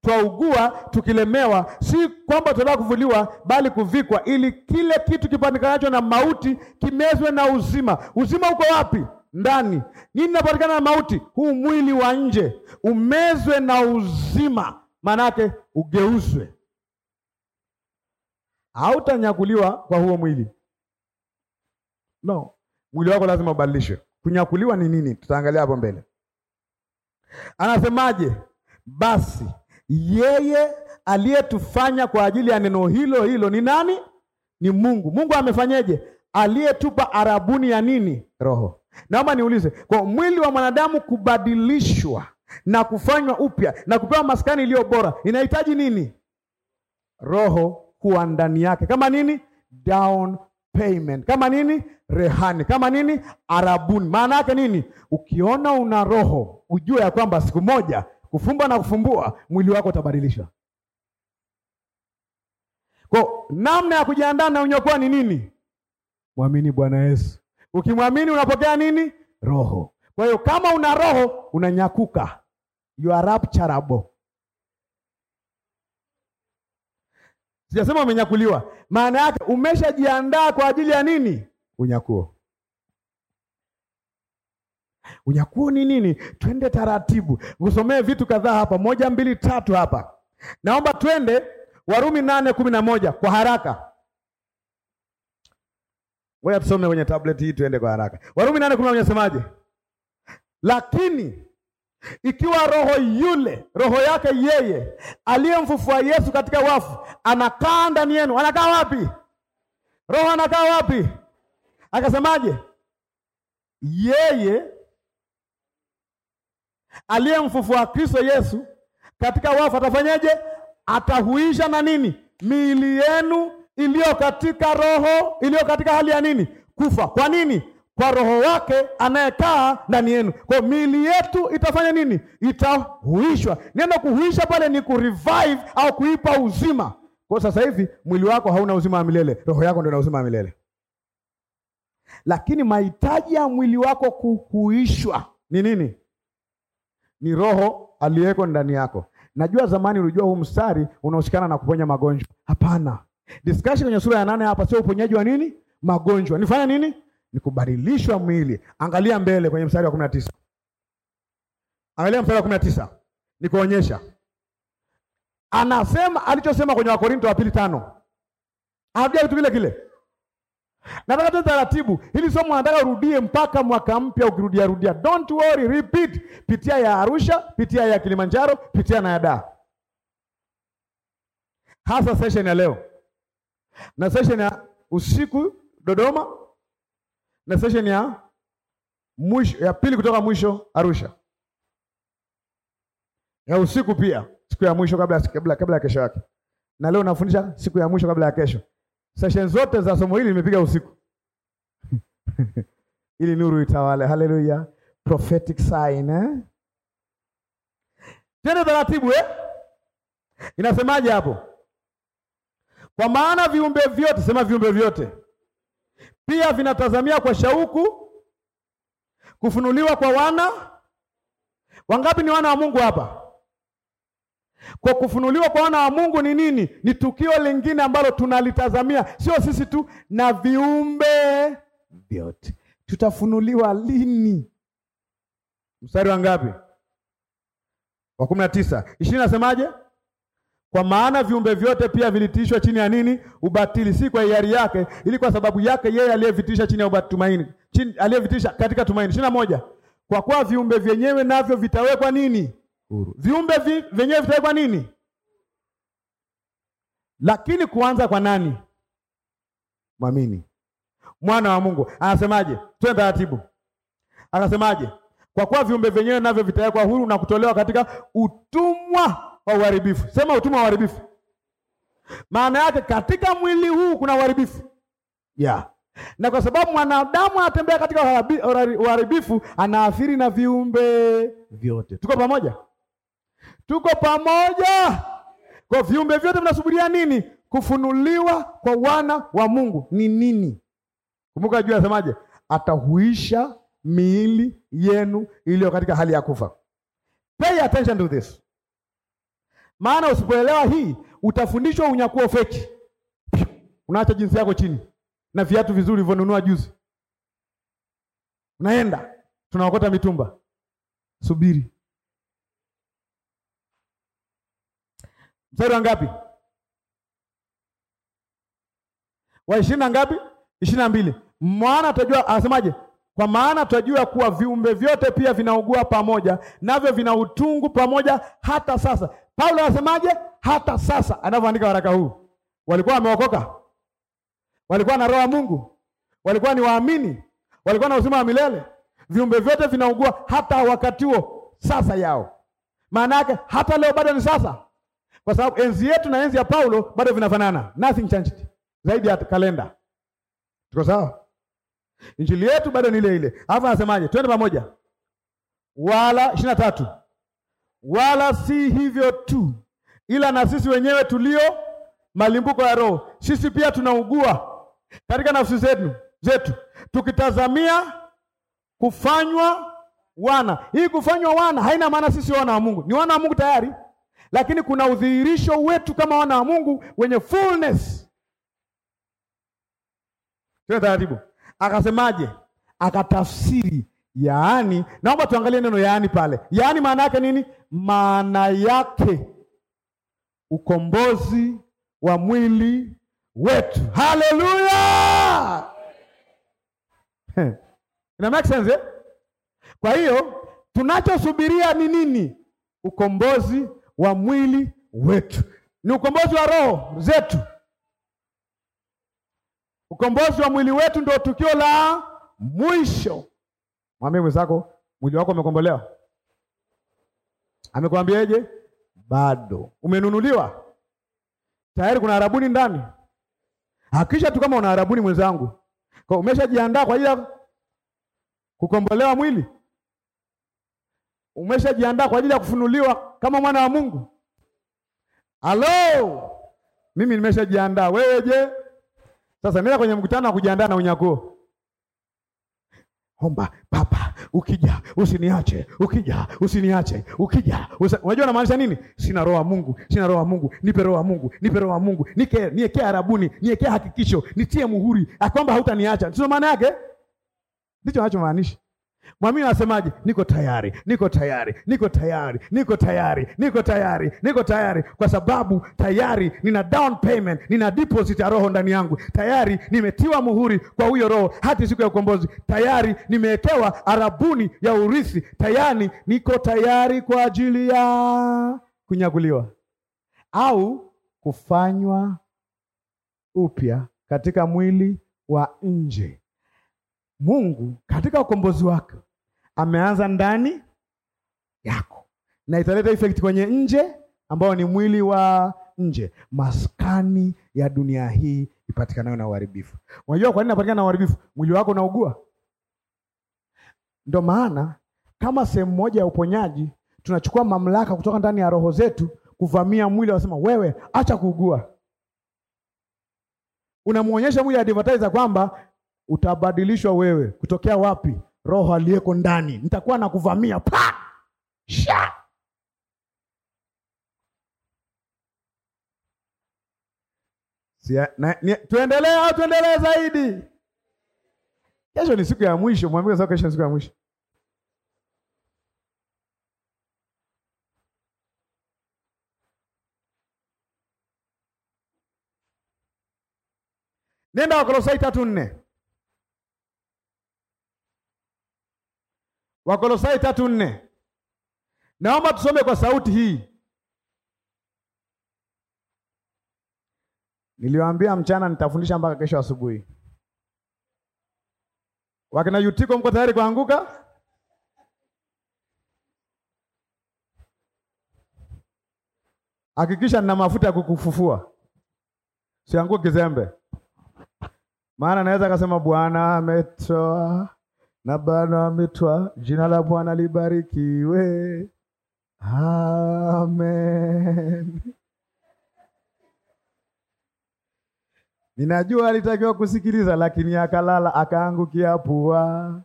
Speaker 1: twaugua tukilemewa, si kwamba tunataka kuvuliwa, bali kuvikwa, ili kile kitu kipatikanacho na mauti kimezwe na uzima. Uzima uko wapi? Ndani. Nini inapatikana na mauti? Huu mwili wa nje umezwe na uzima, maanake ugeuzwe, hautanyakuliwa kwa huo mwili. No, mwili wako lazima ubadilishwe. Kunyakuliwa ni nini? Tutaangalia hapo mbele. Anasemaje? Basi yeye aliyetufanya kwa ajili ya neno hilo hilo ni nani? Ni Mungu. Mungu amefanyeje? Aliyetupa arabuni ya nini? Roho. Naomba niulize, kwa mwili wa mwanadamu kubadilishwa na kufanywa upya na kupewa maskani iliyo bora inahitaji nini? Roho kuwa ndani yake, kama nini? Down payment, kama nini? Rehani, kama nini? Arabuni. Maana yake nini? Ukiona una roho, ujue ya kwamba siku moja kufumba na kufumbua, mwili wako utabadilishwa. Kwa namna ya kujiandaa na unyokuwa ni nini? Mwamini Bwana Yesu. Ukimwamini unapokea nini? Roho. Kwa hiyo kama una roho unanyakuka, you are rapturable. Sijasema umenyakuliwa, maana yake umeshajiandaa kwa ajili ya nini? Unyakuo. Unyakuo ni nini? Twende taratibu, kusomee vitu kadhaa hapa, moja mbili tatu hapa. Naomba twende Warumi nane kumi na moja kwa haraka. Wewe tusome kwenye tablet hii, tuende kwa haraka. Warumi nane kumi na moja nasemaje? Lakini ikiwa roho yule roho yake yeye aliyemfufua Yesu katika wafu anakaa ndani yenu, anakaa wapi? Roho anakaa wapi? Akasemaje? yeye aliyemfufua Kristo Yesu katika wafu atafanyaje? Atahuisha na nini miili yenu iliyo katika roho iliyo katika hali ya nini? Kufa. Kwa nini? Kwa roho wake anayekaa ndani yenu. Kwa miili yetu itafanya nini? Itahuishwa. Neno kuhuisha pale ni kurevive au kuipa uzima. Kwa sasa hivi mwili wako hauna uzima wa milele, roho yako ndio ina uzima wa milele, lakini mahitaji ya mwili wako kuhuishwa ni nini? ni roho aliyeko ndani yako. Najua zamani ulijua huu mstari unahusikana na kuponya magonjwa. Hapana, discussion kwenye sura ya nane hapa sio uponyaji wa nini magonjwa. Nifanya nini? Ni kubadilishwa mwili. Angalia mbele kwenye mstari wa kumi na tisa. Angalia mstari wa kumi na tisa, nikuonyesha anasema alichosema kwenye Wakorinto wa pili tano, harudia kitu kile kile Nataka tu taratibu, hili somo nataka urudie mpaka mwaka mpya, ukirudia rudia. Don't worry, repeat. Pitia ya Arusha, pitia ya Kilimanjaro, pitia na ya Dar, hasa session ya leo na session ya usiku Dodoma na session ya mwisho ya pili kutoka mwisho Arusha ya usiku pia siku ya mwisho kabla, kabla, kabla ya kesho yake, na leo nafundisha siku ya mwisho kabla ya kesho. Session zote za somo hili nimepiga usiku <laughs> ili nuru itawale. Haleluya, prophetic sign eh? taratibu eh? Inasemaje hapo? Kwa maana viumbe vyote, sema viumbe vyote pia vinatazamia kwa shauku kufunuliwa kwa wana. Wangapi ni wana wa Mungu hapa? Kwa kufunuliwa kwa wana wa Mungu ni nini? Ni tukio lingine ambalo tunalitazamia, sio sisi tu, na viumbe vyote. Tutafunuliwa lini? Mstari wa ngapi? Wa kumi na tisa. Ishirini nasemaje? Kwa maana viumbe vyote pia vilitiishwa chini ya nini? Ubatili, si kwa hiari yake, ili kwa sababu yake yeye aliyevitisha chini ya ubatumaini, chini aliyevitisha katika tumaini. ishirini na moja. Kwa kuwa viumbe vyenyewe navyo vitawekwa nini? huru. Viumbe vi, vyenyewe vitawekwa nini? Lakini kuanza kwa nani? Mwamini mwana wa Mungu. Anasemaje? Twende taratibu. Akasemaje? Kwa kuwa viumbe vyenyewe navyo vitawekwa huru na kutolewa katika utumwa wa uharibifu. Sema utumwa wa uharibifu. Maana yake katika mwili huu kuna uharibifu yeah. Na kwa sababu mwanadamu anatembea katika uharibifu, anaathiri na viumbe vyote. Tuko pamoja? Tuko pamoja. Kwa viumbe vyote vinasubiria nini? Kufunuliwa kwa wana wa Mungu ni nini? Kumbuka juu anasemaje? Atahuisha miili yenu iliyo katika hali ya kufa. Pay attention to this. Maana usipoelewa hii utafundishwa unyakuo feki. Unaacha jinsi yako chini na viatu vizuri vilivyonunua juzi. Unaenda tunaokota mitumba. Subiri. Mstari wa ngapi? Wa ishirini na ngapi? ishirini na mbili. Maana tutajua, asemaje? Kwa maana tutajua kuwa viumbe vyote pia vinaugua pamoja, navyo vina utungu pamoja hata sasa. Paulo anasemaje? Hata sasa anavyoandika waraka huu, walikuwa wameokoka, walikuwa na roho ya Mungu, walikuwa ni waamini, walikuwa na uzima wa milele. Viumbe vyote vinaugua hata wakati huo, sasa yao. Maana yake hata leo bado ni sasa kwa sababu enzi yetu na enzi ya Paulo bado vinafanana, nothing changed zaidi ya kalenda. Tuko sawa? Injili yetu bado ni ile ile. Alafu anasemaje? Twende pamoja, wala ishirini na tatu, wala si hivyo tu, ila na sisi wenyewe tulio malimbuko ya Roho, sisi pia tunaugua katika nafsi zetu zetu, tukitazamia kufanywa wana. Hii kufanywa wana haina maana sisi wana wa Mungu, ni wana wa Mungu tayari lakini kuna udhihirisho wetu kama wana wa Mungu wenye fullness. Tuna taratibu, akasemaje? Akatafsiri yaani, naomba tuangalie neno yaani pale. Yaani maana yake nini? Maana yake ukombozi wa mwili wetu. Haleluya! <laughs> ina make sense eh? Kwa hiyo tunachosubiria ni nini? Ukombozi wa mwili wetu, ni ukombozi wa roho zetu. Ukombozi wa mwili wetu ndio tukio la mwisho. Mwambie mwenzako, mwili wako umekombolewa. Amekwambiaje? Bado umenunuliwa tayari, kuna arabuni ndani. Hakisha tu kama una arabuni mwenzangu, kwa umeshajiandaa kwa ajili ya kukombolewa mwili Umeshajiandaa kwa ajili ya kufunuliwa kama mwana wa Mungu? Halo, mimi nimeshajiandaa. Wewe je? Sasa nenda kwenye mkutano wa kujiandaa na unyakuo. Omba Baba, ukija usiniache, ukija usiniache, ukija usi... unajua namaanisha nini? Sina roho ya Mungu, sina roho ya Mungu, nipe roho ya Mungu, nipe roho ya Mungu, nike niekee arabuni, niekee hakikisho, nitie muhuri akwamba hautaniacha. Sio maana yake, ndicho anachomaanisha. Mwamini anasemaje? Niko tayari, niko tayari, niko tayari, niko tayari, niko tayari, niko tayari, kwa sababu tayari nina down payment, nina deposit ya roho ndani yangu. Tayari nimetiwa muhuri kwa huyo roho hadi siku ya ukombozi. Tayari nimewekewa arabuni ya urithi. Tayari niko tayari kwa ajili ya kunyaguliwa au kufanywa upya katika mwili wa nje Mungu katika ukombozi wake ameanza ndani yako, na italeta effect kwenye nje, ambao ni mwili wa nje, maskani ya dunia hii ipatikanayo na uharibifu. Unajua kwa nini inapatikana na uharibifu? Mwili wako unaugua. Ndio maana kama sehemu moja ya uponyaji tunachukua mamlaka kutoka ndani ya roho zetu kuvamia mwili, wasema wewe, acha kuugua. Unamwonyesha mwili advertiser kwamba utabadilishwa wewe kutokea wapi? Roho aliyeko ndani. Nitakuwa kuvamia pa sha tuendelee au tuendelee zaidi? Kesho ni siku ya mwisho, mwambie sasa, kesho ni siku ya mwisho. Nenda Wakolosai tatu nne. Wakolosai tatu nne. Naomba tusome kwa sauti hii. Niliwaambia mchana nitafundisha mpaka kesho asubuhi. Wakina Yutiko, mko tayari kuanguka? Hakikisha nina mafuta ya kukufufua, sianguke kizembe, maana naweza akasema Bwana ametoa na Bwana ametwa, jina la Bwana libarikiwe. Amen. Ninajua alitakiwa kusikiliza lakini akalala akaangukia pua.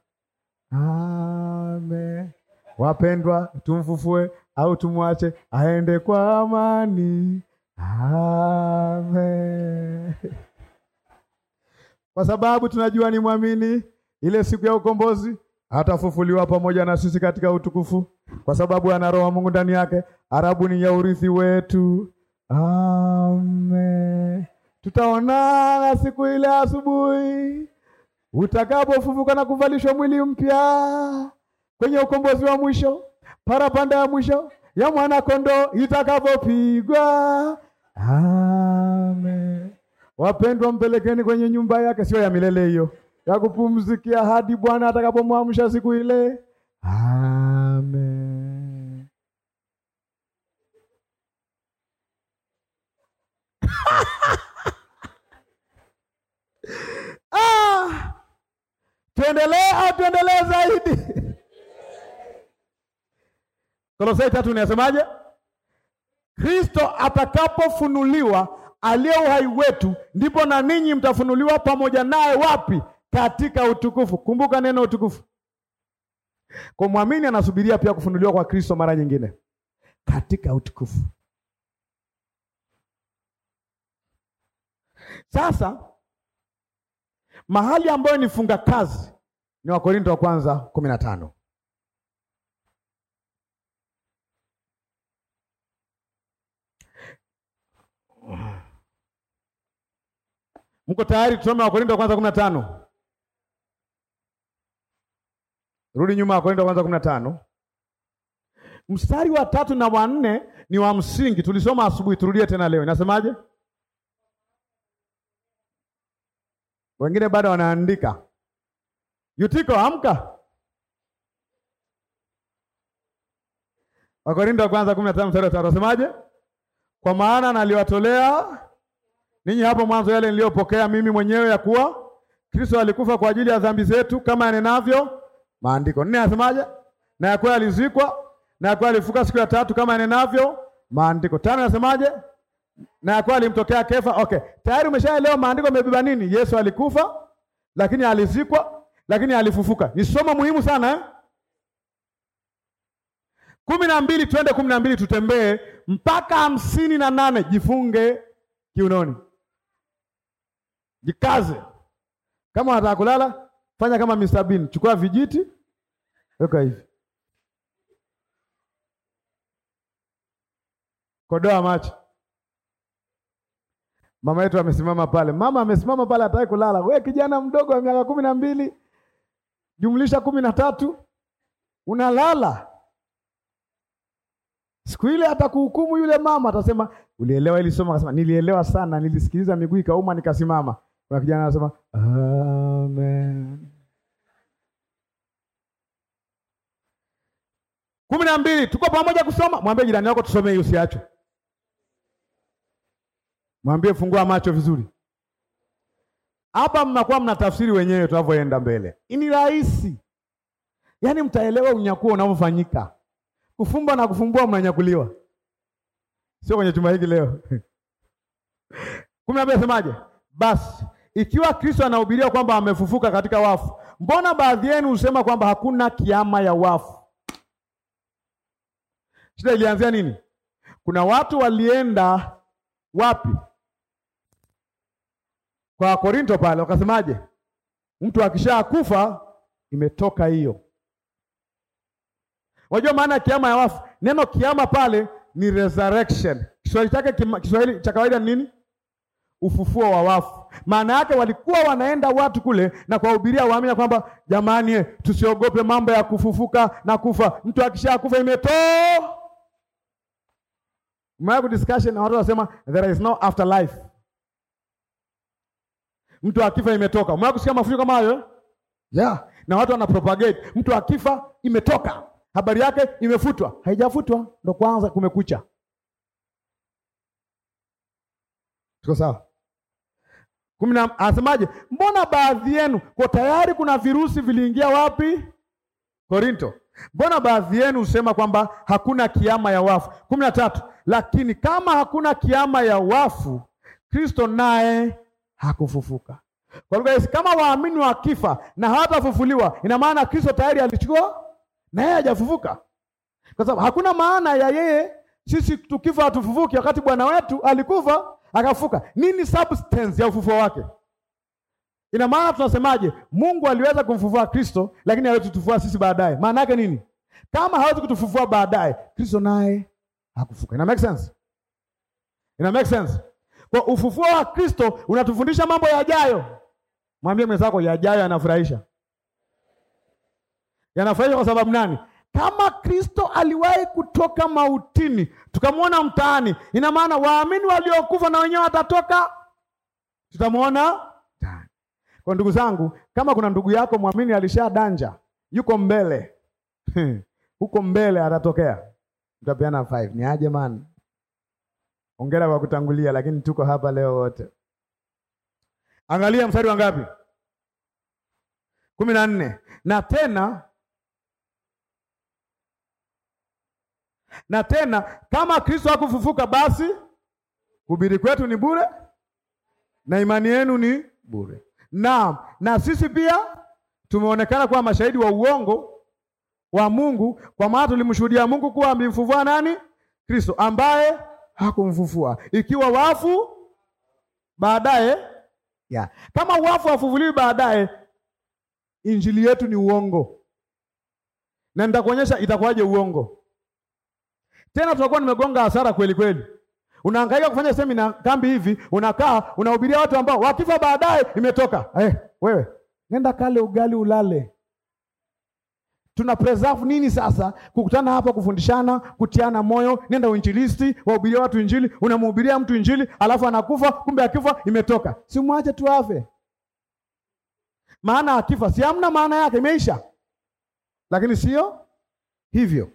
Speaker 1: Amen. Wapendwa, tumfufue au tumwache aende kwa amani? Amen. Kwa sababu tunajua ni mwamini ile siku ya ukombozi atafufuliwa pamoja na sisi katika utukufu, kwa sababu ana roho Mungu ndani yake. Arabu ni ya urithi wetu. Amen. Tutaonana siku ile asubuhi utakapofufuka na kuvalishwa mwili mpya kwenye ukombozi wa mwisho, parapanda ya mwisho ya mwana kondoo itakapopigwa. Amen. Wapendwa, mpelekeni kwenye nyumba yake, sio ya milele hiyo ya kupumzikia hadi Bwana atakapomwamsha siku ile. Amen. <laughs> Ah! Tuendelee au tuendelee zaidi? Kolosai tatu inasemaje? Kristo atakapofunuliwa aliye uhai wetu, ndipo na ninyi mtafunuliwa pamoja naye wapi? katika utukufu. Kumbuka neno utukufu. Kwa mwamini anasubiria pia kufunuliwa kwa Kristo mara nyingine katika utukufu. Sasa mahali ambayo nifunga kazi ni Wakorinto wa kwanza kumi na tano. Mko tayari? Tusome Wakorinto wa kwanza kumi na tano. Rudi nyuma ya Korintho kwanza kumi na tano mstari wa tatu na wa nne ni wa msingi, tulisoma asubuhi, turudie tena leo. Inasemaje? Wengine bado wanaandika. Yutiko, amka. Wakorintho wa kwanza kumi na tano mstari wa tatu nasemaje? Kwa maana naliwatolea ninyi hapo mwanzo yale niliyopokea mimi mwenyewe, ya kuwa Kristo alikufa kwa ajili ya dhambi zetu, kama yanenavyo maandiko. Nne anasemaje? Na yakuwa alizikwa na yakuwa alifuka siku ya tatu kama inenavyo maandiko. Tano anasemaje? Na yakuwa alimtokea Kefa. Okay, tayari umeshaelewa maandiko yamebeba nini. Yesu alikufa, lakini alizikwa, lakini alifufuka. Ni somo muhimu sana eh? kumi na mbili twende kumi na mbili tutembee mpaka hamsini na nane jifunge kiunoni, jikaze kama unataka kulala Fanya kama Mr. Bean, chukua vijiti, weka hivi, kodoa macho. Mama yetu amesimama pale, mama amesimama pale, hataki kulala. We kijana mdogo wa miaka kumi na mbili jumlisha kumi na tatu unalala. Siku ile atakuhukumu yule mama, atasema ulielewa ili somo? Akasema nilielewa sana, nilisikiliza, miguu ikauma, nikasimama. Kuna kijana anasema amen. kumi na mbili tuko pamoja kusoma. Mwambie jirani yako tusomee hiyo, usiache. Mwambie fungua macho vizuri. Hapa mnakuwa mna tafsiri wenyewe tunavyoenda mbele. Ni rahisi, yaani mtaelewa unyakuo unavyofanyika. Kufumba na kufumbua mnanyakuliwa, sio kwenye chumba hiki leo. <laughs> kumi na mbili semaje? Basi ikiwa Kristo anahubiria kwamba amefufuka katika wafu, mbona baadhi yenu husema kwamba hakuna kiama ya wafu? Shida ilianzia nini? Kuna watu walienda wapi? Kwa Korinto pale wakasemaje? Mtu akishakufa imetoka hiyo. Wajua maana ya kiama ya wafu? Neno kiama pale ni resurrection. Kiswahili chake Kiswahili cha kawaida nini? Ufufuo wa wafu. Maana yake walikuwa wanaenda watu kule na kuwahubiria waamini kwamba jamani, tusiogope mambo ya kufufuka na kufa. Mtu akishakufa imetoka Umewahi discussion na watu wasema there is no afterlife. Mtu akifa imetoka. Umewahi kusikia mafunzo kama hayo? Yeah. Na watu wana propagate. Mtu akifa imetoka. Habari yake imefutwa. Haijafutwa, ndo kwanza kumekucha. Tuko sawa? Kumi na asemaje? Mbona baadhi yenu kwa tayari kuna virusi viliingia wapi? Korinto. Mbona baadhi yenu husema kwamba hakuna kiama ya wafu? kumi na tatu. Lakini kama hakuna kiama ya wafu, Kristo naye hakufufuka. Kwa lugha hizi, kama waamini wakifa na hawatafufuliwa, ina maana Kristo tayari alichukua na yeye hajafufuka, kwa sababu hakuna maana ya yeye sisi tukifa hatufufuki, wakati Bwana wetu alikufa akafufuka. Nini substance ya ufufuo wake? Ina maana tunasemaje? Mungu aliweza kumfufua Kristo, lakini hawezi kutufufua sisi baadaye. Maana yake nini? Kama hawezi kutufufua baadaye, Kristo naye hakufuka. Ina make sense? Ina make sense? Kwa ufufuo wa Kristo unatufundisha mambo yajayo. Mwambie mwenzako yajayo yanafurahisha. Yanafurahisha kwa sababu nani? Kama Kristo aliwahi kutoka mautini tukamwona mtaani, ina maana waamini waliokufa na wenyewe watatoka, tutamwona kwa ndugu zangu, kama kuna ndugu yako mwamini danja yuko mbele <laughs> huko mbele atatokea, mtapeana five. Ni aje man, ongera kwa kutangulia, lakini tuko hapa leo wote. Angalia mstari wa ngapi? kumi na nne. Na tena na tena, kama Kristo hakufufuka basi kubiri kwetu ni bure na imani yenu ni bure. Naam, na sisi pia tumeonekana kuwa mashahidi wa uongo wa Mungu, kwa maana tulimshuhudia Mungu kuwa amemfufua nani? Kristo, ambaye hakumfufua ikiwa wafu baadaye ya kama wafu hafufuliwi baadaye, injili yetu ni uongo, na nitakuonyesha itakuwaje uongo. Tena tutakuwa nimegonga hasara kweli kweli. Unahangaika kufanya semina kambi hivi, unakaa unahubiria watu ambao wakifa baadaye imetoka. Eh, wewe nenda kale ugali ulale. Tuna preserve nini sasa? Kukutana hapa kufundishana, kutiana moyo, nenda uinjilisti, wahubiria watu injili, unamhubiria mtu injili, alafu anakufa, kumbe akifa imetoka. Si mwache tu afe. Maana akifa si amna maana yake, imeisha. Lakini sio hivyo.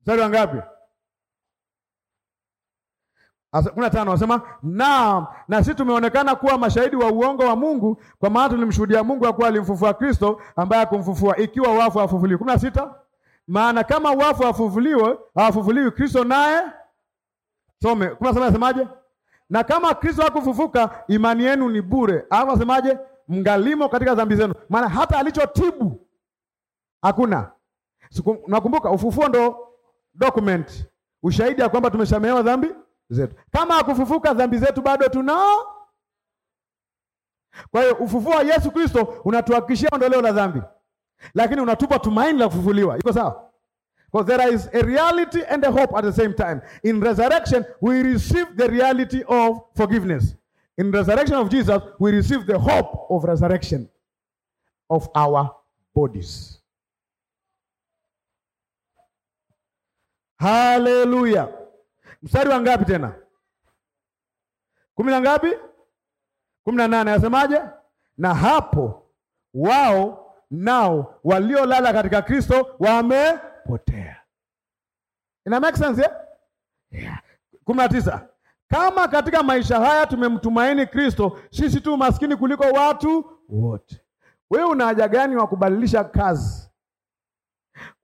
Speaker 1: Mstari kumi na tano anasema naam, na sisi tumeonekana kuwa mashahidi wa uongo wa Mungu, kwa maana tulimshuhudia Mungu ya kuwa alimfufua Kristo, ambaye akumfufua ikiwa wafu hawafufuliwi. kumi na sita maana kama wafu hawafufuliwe hawafufuliwi Kristo naye some. kumi na saba anasemaje? na kama Kristo hakufufuka imani yenu ni bure. Alafu anasemaje? mngalimo katika dhambi zenu, maana hata alichotibu hakuna. Nakumbuka ufufuo ndo document, ushahidi ya kwamba tumeshamehewa dhambi zetu. Kama hakufufuka dhambi zetu bado tunao. Kwa hiyo ufufuo wa Yesu Kristo unatuhakikishia ondoleo la dhambi, lakini unatupa tumaini la kufufuliwa. Iko sawa? Because there is a reality and a hope at the same time. In resurrection we receive the reality of forgiveness. In resurrection of Jesus we receive the hope of resurrection of our bodies. Hallelujah mstari wa ngapi tena? kumi na ngapi? kumi na nane. Anasemaje? na hapo wao nao waliolala katika Kristo wamepotea. Ina make sense eh? Yeah. kumi na tisa. Kama katika maisha haya tumemtumaini Kristo, sisi tu maskini kuliko watu wote. Wewe una haja gani wa kubadilisha kazi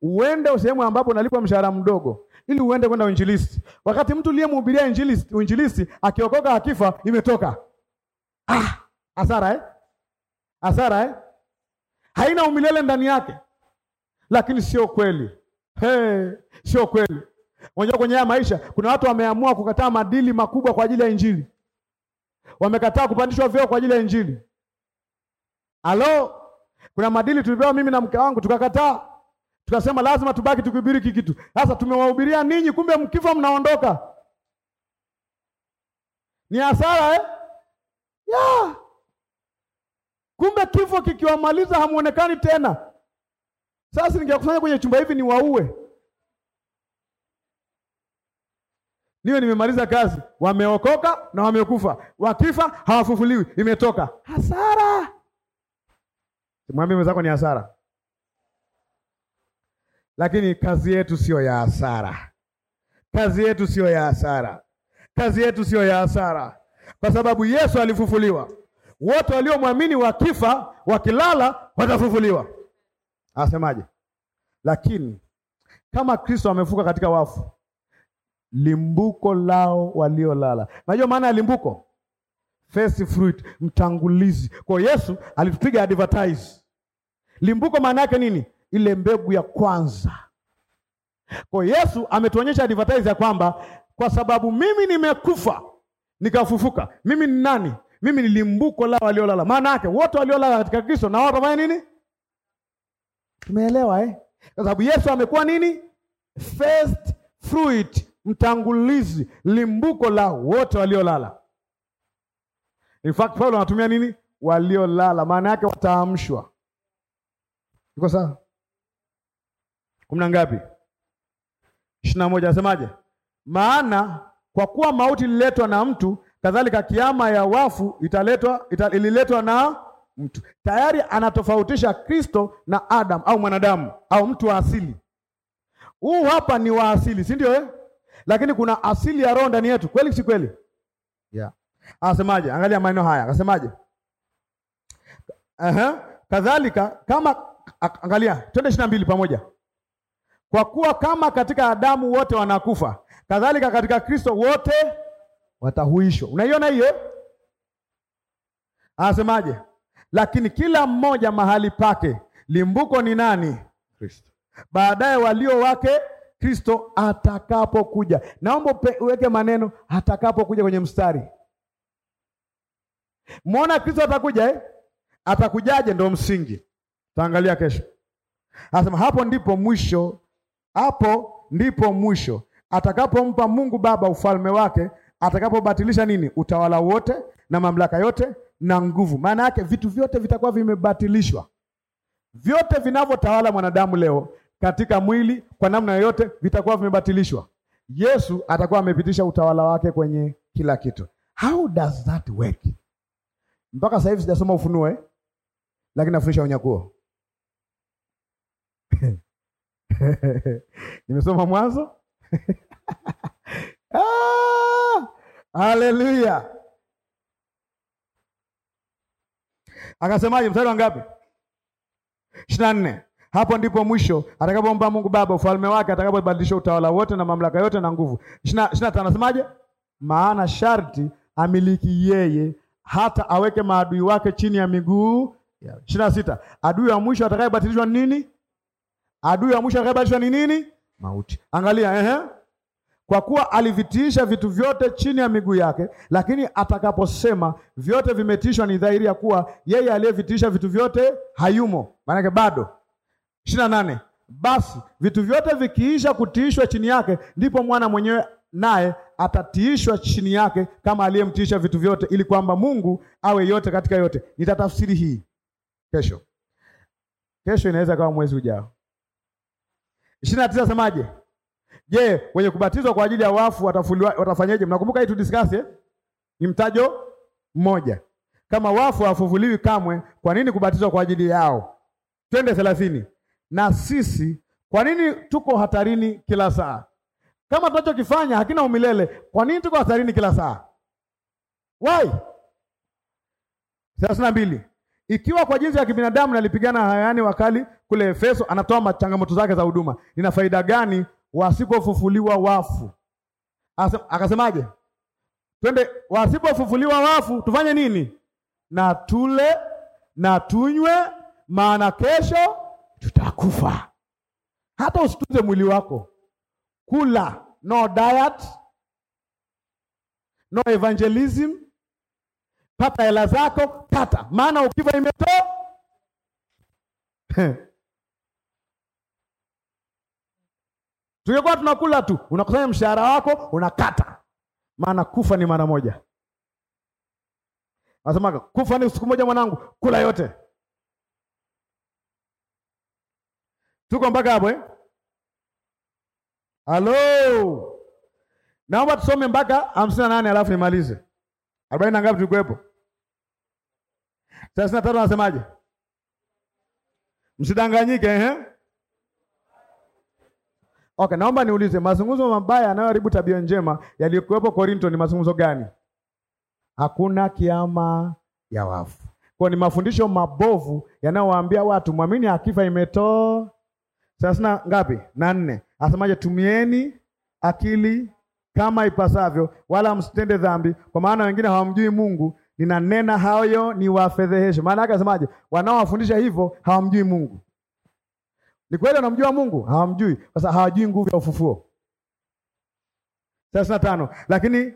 Speaker 1: uende sehemu ambapo unalipwa mshahara mdogo, ili uende kwenda uinjilisti. Wakati mtu uliyemhubiria injilisti, uinjilisti akiokoka akifa imetoka. Ah, hasara eh? Hasara eh? Haina umilele ndani yake. Lakini sio kweli. Hey, sio kweli. Unajua kwenye haya maisha kuna watu wameamua kukataa madili makubwa kwa ajili ya injili. Wamekataa kupandishwa vyeo kwa ajili ya injili. Halo, kuna madili tulipewa mimi na mke wangu tukakataa. Tukasema lazima tubaki tukihubiri hiki kitu. Sasa tumewahubiria ninyi, kumbe mkifa mnaondoka. Ni hasara eh? Yeah. Kumbe kifo kikiwamaliza hamuonekani tena. Sasa ningekusanya kwenye chumba hivi ni waue. Niwe nimemaliza kazi. Wameokoka na wamekufa. Wakifa hawafufuliwi. Imetoka. Hasara. Mwambie mwenzako ni hasara. Lakini kazi yetu siyo ya hasara, kazi yetu siyo ya hasara, kazi yetu siyo ya hasara, kwa sababu Yesu alifufuliwa. Wote waliomwamini wakifa, wakilala watafufuliwa. Asemaje? Lakini kama Kristo amefuka katika wafu, limbuko lao waliolala. Unajua maana ya limbuko? First fruit, mtangulizi. Kwa Yesu alitupiga advertise. Limbuko maana yake nini? ile mbegu ya kwanza. Kwa Yesu ametuonyesha advertise ya kwamba kwa sababu mimi nimekufa nikafufuka, mimi ni nani? Mimi ni limbuko la waliolala. Maana yake wote waliolala katika Kristo na wao watafanya nini? Tumeelewa eh? Kwa sababu Yesu amekuwa nini? First fruit, mtangulizi, limbuko la wote waliolala. In fact Paulo anatumia nini? Waliolala, maana yake wataamshwa. Iko sawa? kumi na ngapi? ishirini na moja asemaje? Maana kwa kuwa mauti ililetwa na mtu, kadhalika kiama ya wafu italetwa ita, ililetwa na mtu. Tayari anatofautisha Kristo na Adam au mwanadamu au mtu wa asili. Huu hapa ni wa asili, si ndio eh? Lakini kuna asili ya roho ndani yetu, kweli si kweli? Yeah. Asemaje? Angalia maneno haya, akasemaje? Aha, kadhalika kama angalia, twende ishirini na mbili pamoja kwa kuwa kama katika Adamu wote wanakufa, kadhalika katika Kristo wote watahuishwa. Unaiona hiyo? Anasemaje? Lakini kila mmoja mahali pake. Limbuko ni nani? Kristo. Baadaye walio wake Kristo atakapokuja. Naomba uweke maneno atakapokuja kwenye mstari. Muona Kristo atakuja eh? Atakujaje? Ndio msingi. Taangalia kesho. Anasema hapo ndipo mwisho hapo ndipo mwisho atakapompa Mungu Baba ufalme wake, atakapobatilisha nini? Utawala wote na mamlaka yote na nguvu. Maana yake vitu vyote vitakuwa vimebatilishwa, vyote vinavyotawala mwanadamu leo katika mwili kwa namna yoyote vitakuwa vimebatilishwa. Yesu atakuwa amepitisha utawala wake kwenye kila kitu. How does that work? Mpaka sasa hivi sijasoma Ufunuo, lakini nafundisha unyakuo. <laughs> nimesoma Mwanzo. Haleluya! <laughs> Ah, akasemaje? Mstari wa ngapi? ishirini na nne. Hapo ndipo mwisho atakapompa Mungu Baba ufalme wake atakapobadilisha utawala wote na mamlaka yote na nguvu. ishirini na tano anasemaje? Maana sharti amiliki yeye hata aweke maadui wake chini ya miguu. ishirini na sita adui wa mwisho atakayebatilishwa nini? Adui ya mwisho atakayebatizwa ni nini? Mauti. Angalia, ehe. Kwa kuwa alivitiisha vitu vyote chini ya miguu yake, lakini atakaposema vyote vimetiishwa, ni dhahiri ya kuwa yeye aliyevitiisha vitu vyote hayumo, yake bado. ishirini nane. Basi vitu vyote vikiisha kutiishwa chini yake, ndipo mwana mwenyewe naye atatiishwa chini yake kama aliyemtiisha vitu vyote, ili kwamba Mungu awe yote katika yote. Nitatafsiri hii kesho. Kesho inaweza kawa mwezi ujao ishirini na tisa semaje? Je, wenye kubatizwa kwa ajili ya wafu watafuliwa watafanyaje? Mnakumbuka hii tudiskasi eh? Ni mtajo mmoja. Kama wafu hawafufuliwi kamwe, kwa nini kubatizwa kwa ajili yao? Twende thelathini. Na sisi kwa nini tuko hatarini kila saa? Kama tunachokifanya hakina umilele, kwa nini tuko hatarini kila saa? Why? thelathini na mbili. Ikiwa kwa jinsi ya kibinadamu nalipigana hayani wakali kule Efeso, anatoa changamoto zake za huduma. Nina faida gani wasipofufuliwa wafu? Akasemaje? Twende, wasipofufuliwa wafu tufanye nini? Na tule na tunywe, maana kesho tutakufa. Hata usitunze mwili wako, kula. No diet, no evangelism. Pata hela zako, pata, maana ukiva imetoa <laughs> Tungekuwa tunakula tu, unakusanya mshahara wako unakata, maana kufa ni mara moja. Anasema kufa ni siku moja, mwanangu, kula yote. Tuko mpaka hapo eh? Halo, naomba tusome mpaka hamsini na nane alafu nimalize. arobaini na ngapi tulikuwepo? thelathini na tatu. Anasemaje? Msidanganyike eh? Okay, naomba niulize mazungumzo mabaya yanayoharibu tabia njema yaliyokuwepo Korinto ni mazungumzo gani? Hakuna kiama ya wafu. Kwa ni mafundisho mabovu yanayowaambia watu mwamini akifa imetoa thelathini ngapi na nne, asemaje? Tumieni akili kama ipasavyo, wala msitende dhambi, kwa maana wengine hawamjui Mungu. Ninanena hayo wafedheheshe. Maana yake asemaje? Wanaowafundisha hivyo hawamjui Mungu. Ni kweli wanamjua Mungu? Hawamjui. Sasa hawajui nguvu ya ufufuo. Thelathini na tano. Lakini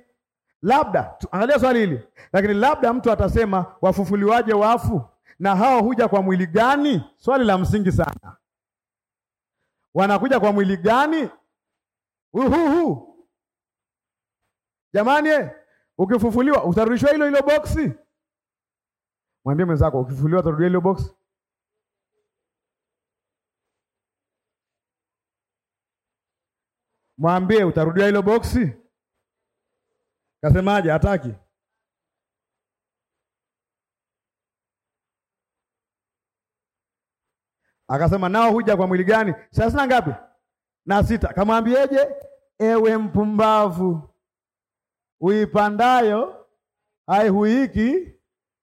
Speaker 1: labda angalia swali hili, lakini labda mtu atasema wafufuliwaje wafu na hao huja kwa mwili gani? Swali la msingi sana. Wanakuja kwa mwili gani? Uhuhu. Jamani, ukifufuliwa utarudishwa hilo hilo boksi. Mwambie mwenzako ukifufuliwa utarudishwa hilo boksi. Mwambie utarudia hilo boksi. Kasemaje? Hataki. Akasema nao huja kwa mwili gani? thelathini na ngapi? na sita. Kamwambieje? Ewe mpumbavu, uipandayo haihuiki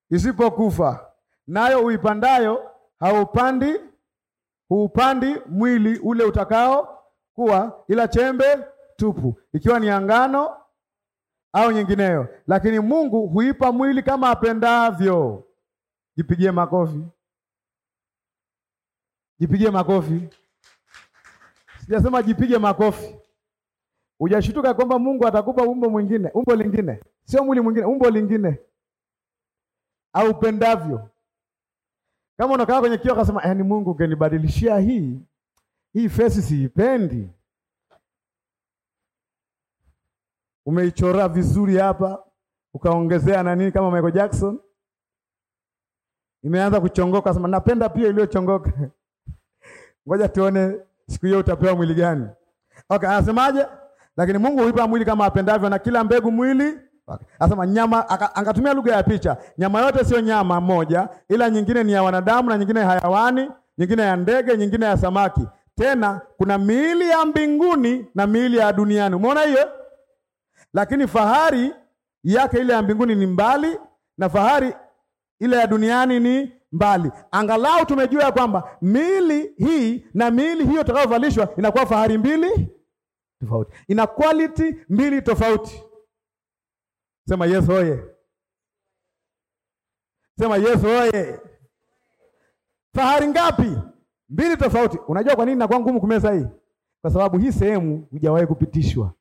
Speaker 1: isipokufa, nayo uipandayo haupandi huupandi mwili ule utakao kuwa ila chembe tupu, ikiwa ni angano au nyingineyo, lakini Mungu huipa mwili kama apendavyo. Jipigie makofi, jipigie makofi. Sijasema jipige makofi. ujashituka kwamba Mungu atakupa umbo mwingine, umbo lingine, sio mwili mwingine, umbo lingine au upendavyo. Kama unakaa kwenye kio akasema, yaani eh, Mungu ungenibadilishia hii hii fesi siipendi, umeichora vizuri hapa, ukaongezea na nini kama Michael Jackson. Imeanza kuchongoka, sema napenda pia iliyochongoka. <laughs> Ngoja tuone siku hiyo utapewa mwili gani? Okay, anasemaje? Lakini Mungu huipa mwili kama apendavyo, na kila mbegu mwili Asema nyama angatumia lugha ya picha. Nyama yote sio nyama moja, ila nyingine ni ya wanadamu na nyingine ya hayawani, nyingine ya ndege, nyingine ya samaki. Tena kuna miili ya mbinguni na miili ya duniani. Umeona hiyo? Lakini fahari yake ile ya mbinguni ni mbali na fahari ile ya duniani ni mbali. Angalau tumejua ya kwamba miili hii na miili hiyo tutakayovalishwa inakuwa fahari mbili tofauti, ina quality mbili tofauti. Sema Yesu oye! Sema Yesu oye! Fahari ngapi? mbili tofauti. Unajua kwa nini nakuwa ngumu kumeza hii? Kwa sababu hii sehemu hujawahi kupitishwa.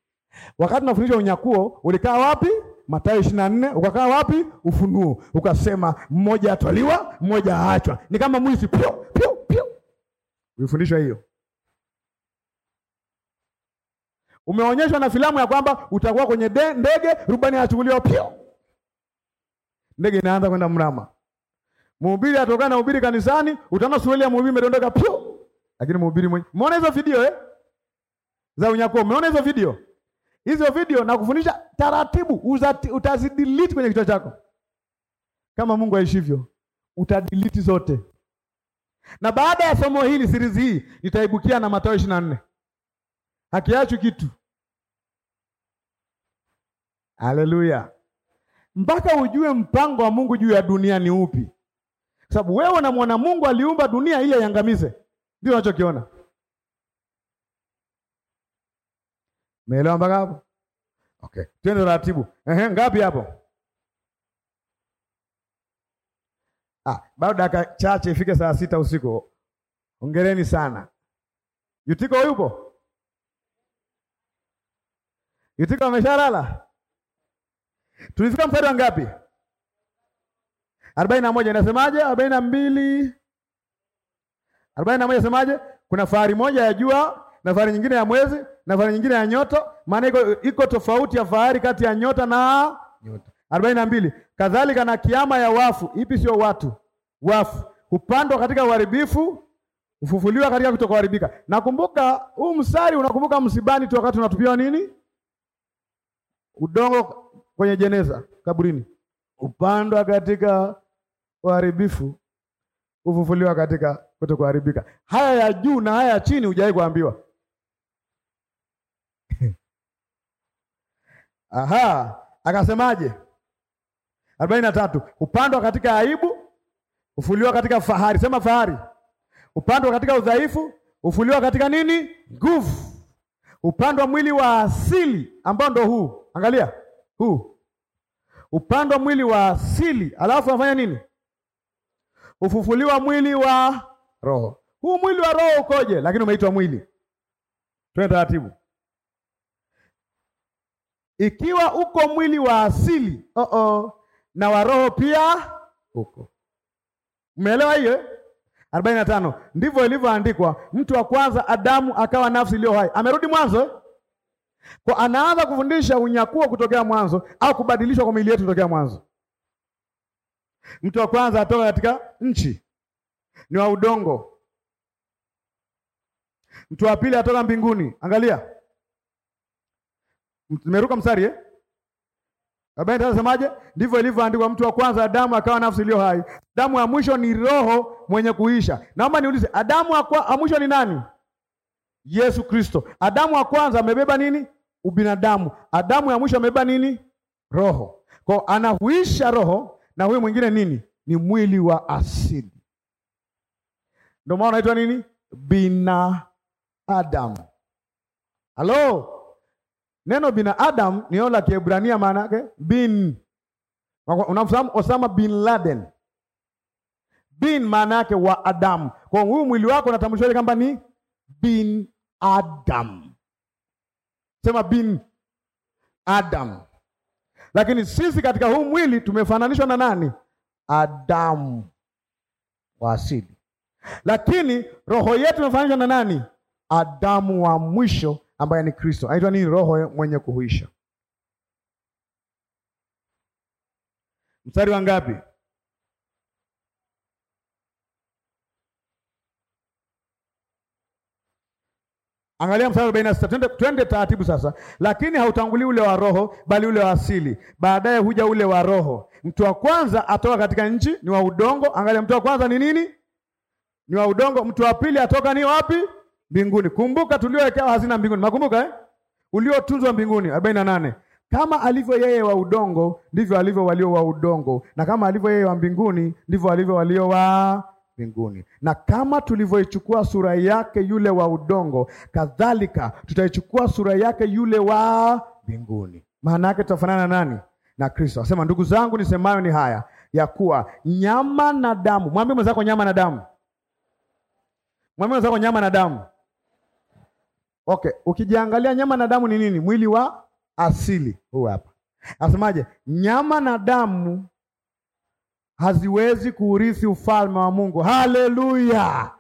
Speaker 1: Wakati nafundishwa unyakuo, ulikaa wapi? Mathayo 24, ukakaa wapi? Ufunuo. Ukasema mmoja atwaliwa, mmoja aachwa. Ni kama mwizi pio pio pio. Ulifundishwa hiyo. Umeonyeshwa na filamu ya kwamba utakuwa kwenye ndege, rubani achukuliwa pio. Ndege inaanza kwenda mrama. Mhubiri atokana na mhubiri kanisani, utaona suruali ya mhubiri imedondoka pio. Lakini mhubiri mwenye. Umeona hizo video eh? Za unyakuo. Umeona hizo video? Hizo video na kufundisha taratibu utazidelete kwenye kichwa chako. Kama Mungu aishivyo, utadelete zote. Na baada ya somo hili series hii nitaibukia na Mathayo 24. Hakiachwi kitu. Haleluya. Mpaka ujue mpango wa Mungu juu ya dunia ni upi sababu wewe unamwona Mungu aliumba dunia ili aiangamize, ndio unachokiona. meelewa mpaka hapo? Okay, twende taratibu. Ehe, ngapi hapo? Ah, bado dakika chache ifike saa sita usiku. Hongereni sana. Yutiko yupo? Yutiko ameshalala? Tulifika mstari wa ngapi? arobaini na moja inasemaje? arobaini na mbili arobaini na moja inasemaje? kuna fahari moja ya jua na fahari nyingine ya mwezi na fahari nyingine ya nyota, maana iko, iko tofauti ya fahari kati ya nyota na nyota. arobaini na mbili kadhalika na kiama ya wafu, ipi sio watu wafu, hupandwa katika uharibifu ufufuliwa katika kutokuharibika. Nakumbuka huu mstari, unakumbuka msibani tu wakati unatupiwa nini, udongo kwenye jeneza kaburini, upandwa katika uharibifu hufufuliwa katika kuto kuharibika. Haya ya juu na haya ya chini hujawahi kuambiwa. <laughs> Aha, akasemaje? arobaini na tatu, upandwa katika aibu, ufuliwa katika fahari. Sema fahari. Upandwa katika udhaifu, ufuliwa katika nini? Nguvu. Upandwa mwili wa asili ambao ndo huu, angalia huu upandwa mwili wa asili, alafu anafanya nini? ufufuliwa mwili wa roho. Huu mwili wa roho ukoje? Lakini umeitwa mwili. Twende taratibu. Ikiwa uko mwili wa asili uh -oh, na wa roho pia uko. Umeelewa hiyo? 45 eh? ndivyo ilivyoandikwa, mtu wa kwanza Adamu akawa nafsi iliyo hai. Amerudi mwanzo, eh? kwa anaanza kufundisha unyakuo kutokea mwanzo, au kubadilishwa kwa miili yetu kutokea mwanzo. Mtu wa kwanza atoka katika nchi, ni wa udongo. Mtu wa pili atoka mbinguni. Angalia, nimeruka mstari eh? Abaini anasemaje? Ndivyo ilivyoandikwa, mtu wa kwanza Adamu akawa nafsi iliyo hai. Adamu wa mwisho ni roho mwenye kuisha. Naomba niulize, Adamu wa mwisho ni nani? Yesu Kristo. Adamu wa kwanza amebeba nini? Ubinadamu. Adamu ya mwisho amebeba nini? Roho. Kwa anahuisha roho na huyo mwingine nini? Ni mwili wa asili, ndio maana unaitwa nini? Adam. Halo, neno Adam ni neno la Kiebrania, maana yake bin. Unamfahamu Osama bin Laden? Bin maana yake wa adam Kwa hiyo huyu mwili wako unatambulishwaje kwamba ni bin Adam? Sema bin Adam. Lakini sisi katika huu mwili tumefananishwa na nani? Adamu wa asili. Lakini roho yetu imefananishwa na nani? Adamu wa mwisho ambaye ni Kristo. Anaitwa nini? Roho mwenye kuhuisha. Mstari wa ngapi? Angalia mstari arobaini na sita. Twende taratibu sasa. Lakini hautangulii ule wa roho, bali ule wa asili, baadaye huja ule wa roho. Mtu wa kwanza atoka katika nchi ni wa udongo. Angalia, mtu wa kwanza ni nini? Ni wa udongo. Mtu wa pili atoka ni wapi? Mbinguni. Kumbuka tuliowekewa hazina mbinguni, makumbuka eh? Uliotunzwa mbinguni. arobaini na nane. Kama alivyo yeye wa udongo, ndivyo alivyo walio wa udongo, na kama alivyo yeye wa mbinguni, ndivyo alivyo walio wa mbinguni. Na kama tulivyoichukua sura yake yule wa udongo, kadhalika tutaichukua sura yake yule wa mbinguni. Maana yake tutafanana nani? Na Kristo. Asema, ndugu zangu, nisemayo ni haya ya kuwa nyama na damu. Mwambie mwenzako nyama na damu. Mwambie mwenzako nyama na damu. Okay, ukijiangalia nyama na damu ni nini? Mwili wa asili huu hapa. Asemaje? Nyama na damu haziwezi kuurithi ufalme wa Mungu. Haleluya!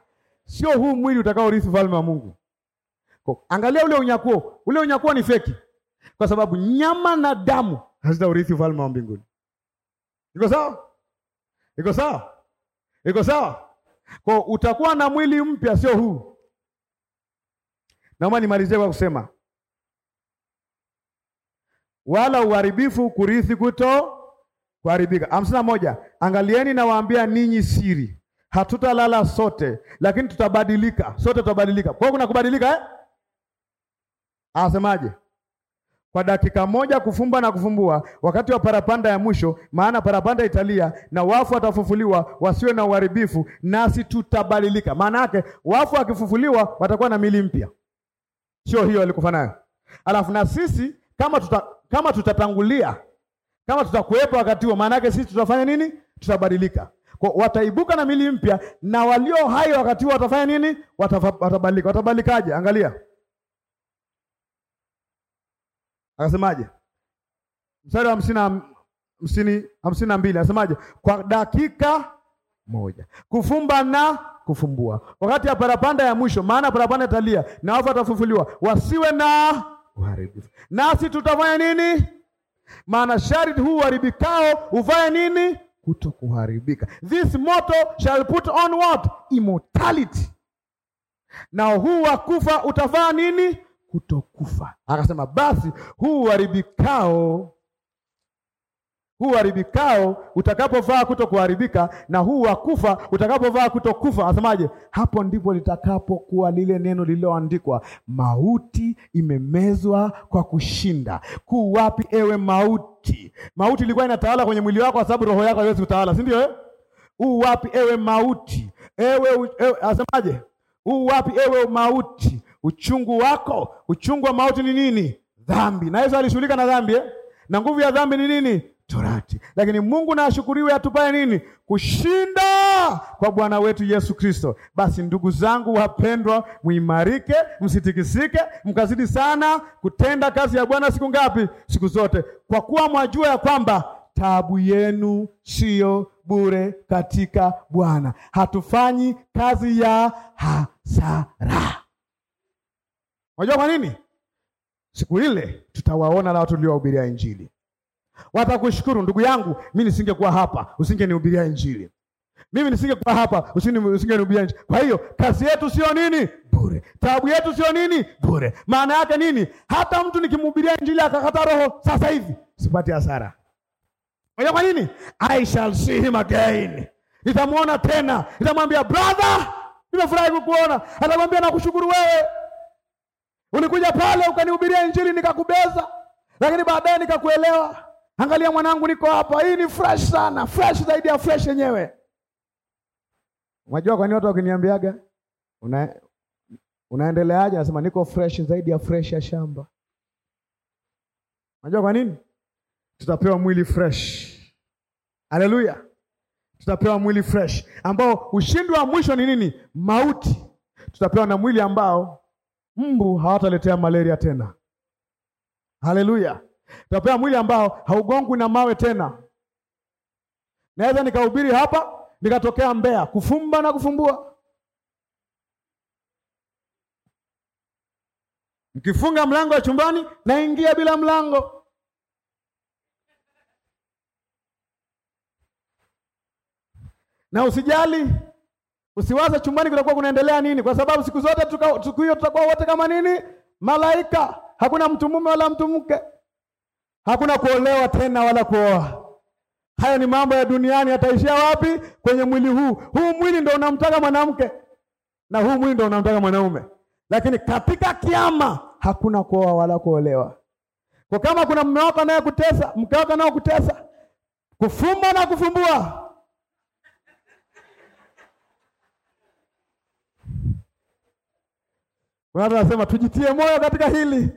Speaker 1: Sio huu mwili utakaourithi ufalme wa Mungu. Ko, angalia ule unyakuo, ule unyakuo ni feki, kwa sababu nyama na damu hazitaurithi ufalme wa mbinguni. Iko sawa? Iko sawa? Iko sawa? Ko, utakuwa na mwili mpya, sio huu. Naomba nimalizie kwa kusema wala uharibifu kurithi kuto kuharibika. hamsini na moja. Angalieni nawaambia ninyi siri, hatutalala sote, lakini tutabadilika sote, tutabadilika. Kwa hiyo kuna kubadilika eh? Anasemaje? Kwa dakika moja kufumba na kufumbua, wakati wa parapanda ya mwisho. Maana parapanda italia na wafu watafufuliwa, wasiwe na uharibifu, nasi tutabadilika. Maana yake wafu wakifufuliwa watakuwa na mili mpya, sio hiyo alikufa nayo. Alafu na sisi kama tuta, kama tutatangulia kama tutakuwepo wakati huo, maana yake sisi tutafanya nini? Tutabadilika. Kwa wataibuka na mili mpya, na walio hai wakati huo watafanya nini? Watabadilika. Watabadilikaje? Angalia akasemaje, mstari wa hamsini na mbili anasemaje? Kwa dakika moja kufumba na kufumbua, wakati ya parapanda ya mwisho. Maana parapanda italia na wafu watafufuliwa, wasiwe na uharibifu, nasi tutafanya nini? maana shariti huu uharibikao uvae nini? Kutokuharibika. This moto shall put on what? Immortality. Na huu wa kufa utavaa nini? Kutokufa. Akasema basi huu uharibikao huu haribikao utakapovaa kuto kuharibika na huu wa kufa utakapovaa kuto kufa, asemaje? Hapo ndipo litakapokuwa lile neno lililoandikwa, mauti imemezwa kwa kushinda. kuu wapi ewe mauti? Mauti ilikuwa inatawala kwenye mwili wako, kwa sababu roho yako haiwezi kutawala, si ndio? Eh? U wapi ewe mauti, ewe, ewe asemaje? Huu wapi ewe mauti, uchungu wako. Uchungu wa mauti ni nini? Dhambi. Na Yesu alishughulika na dhambi eh? na nguvu ya dhambi ni nini? torati. Lakini Mungu na ashukuriwe, atupaye nini? Kushinda kwa Bwana wetu Yesu Kristo. Basi ndugu zangu wapendwa, muimarike, msitikisike, mkazidi sana kutenda kazi ya Bwana siku ngapi? Siku zote, kwa kuwa mwajua ya kwamba taabu yenu siyo bure katika Bwana. Hatufanyi kazi ya hasara. Unajua kwa nini? Siku ile tutawaona watu tuliowahubiria Injili. Watakushukuru ndugu yangu, mimi nisingekuwa hapa, usingenihubiria Injili. Mimi nisingekuwa hapa, usingenihubiria Injili. Kwa hiyo kazi yetu sio nini bure, taabu yetu sio nini bure. Maana yake nini? Hata mtu nikimhubiria Injili akakata roho sasa hivi, sipati hasara. Unajua kwa nini? I shall see him again, nitamwona tena, nitamwambia brother, nimefurahi kukuona. Atakwambia nakushukuru wewe, ulikuja pale ukanihubiria Injili nikakubeza, lakini baadaye nikakuelewa Angalia mwanangu, niko hapa. Hii ni fresh sana, fresh zaidi ya fresh yenyewe. Unajua kwa nini watu wakiniambiaga una unaendeleaje? Nasema niko fresh zaidi ya fresh ya shamba. Unajua kwa nini? Tutapewa mwili fresh. Haleluya! Tutapewa mwili fresh ambao ushindi wa mwisho ni nini? Mauti. Tutapewa na mwili ambao mbu hawataletea malaria tena. Haleluya! Tutapewa mwili ambao haugongwi na mawe tena. Naweza nikahubiri hapa nikatokea Mbeya kufumba na kufumbua. Mkifunga mlango wa chumbani naingia bila mlango. Na usijali, usiwaze chumbani kutakuwa kunaendelea nini, kwa sababu siku zote siku hiyo tutakuwa wote kama nini, malaika. Hakuna mtu mume wala mtu mke. Hakuna kuolewa tena wala kuoa. Hayo ni mambo ya duniani, yataishia wapi? Kwenye mwili huu. Huu mwili ndio unamtaka mwanamke na huu mwili ndio unamtaka mwanaume, lakini katika kiama hakuna kuoa wala kuolewa. Kwa kama kuna mume wako anayekutesa, mke wako anayekutesa, kufumba na kufumbua Bwana anasema tujitie moyo katika hili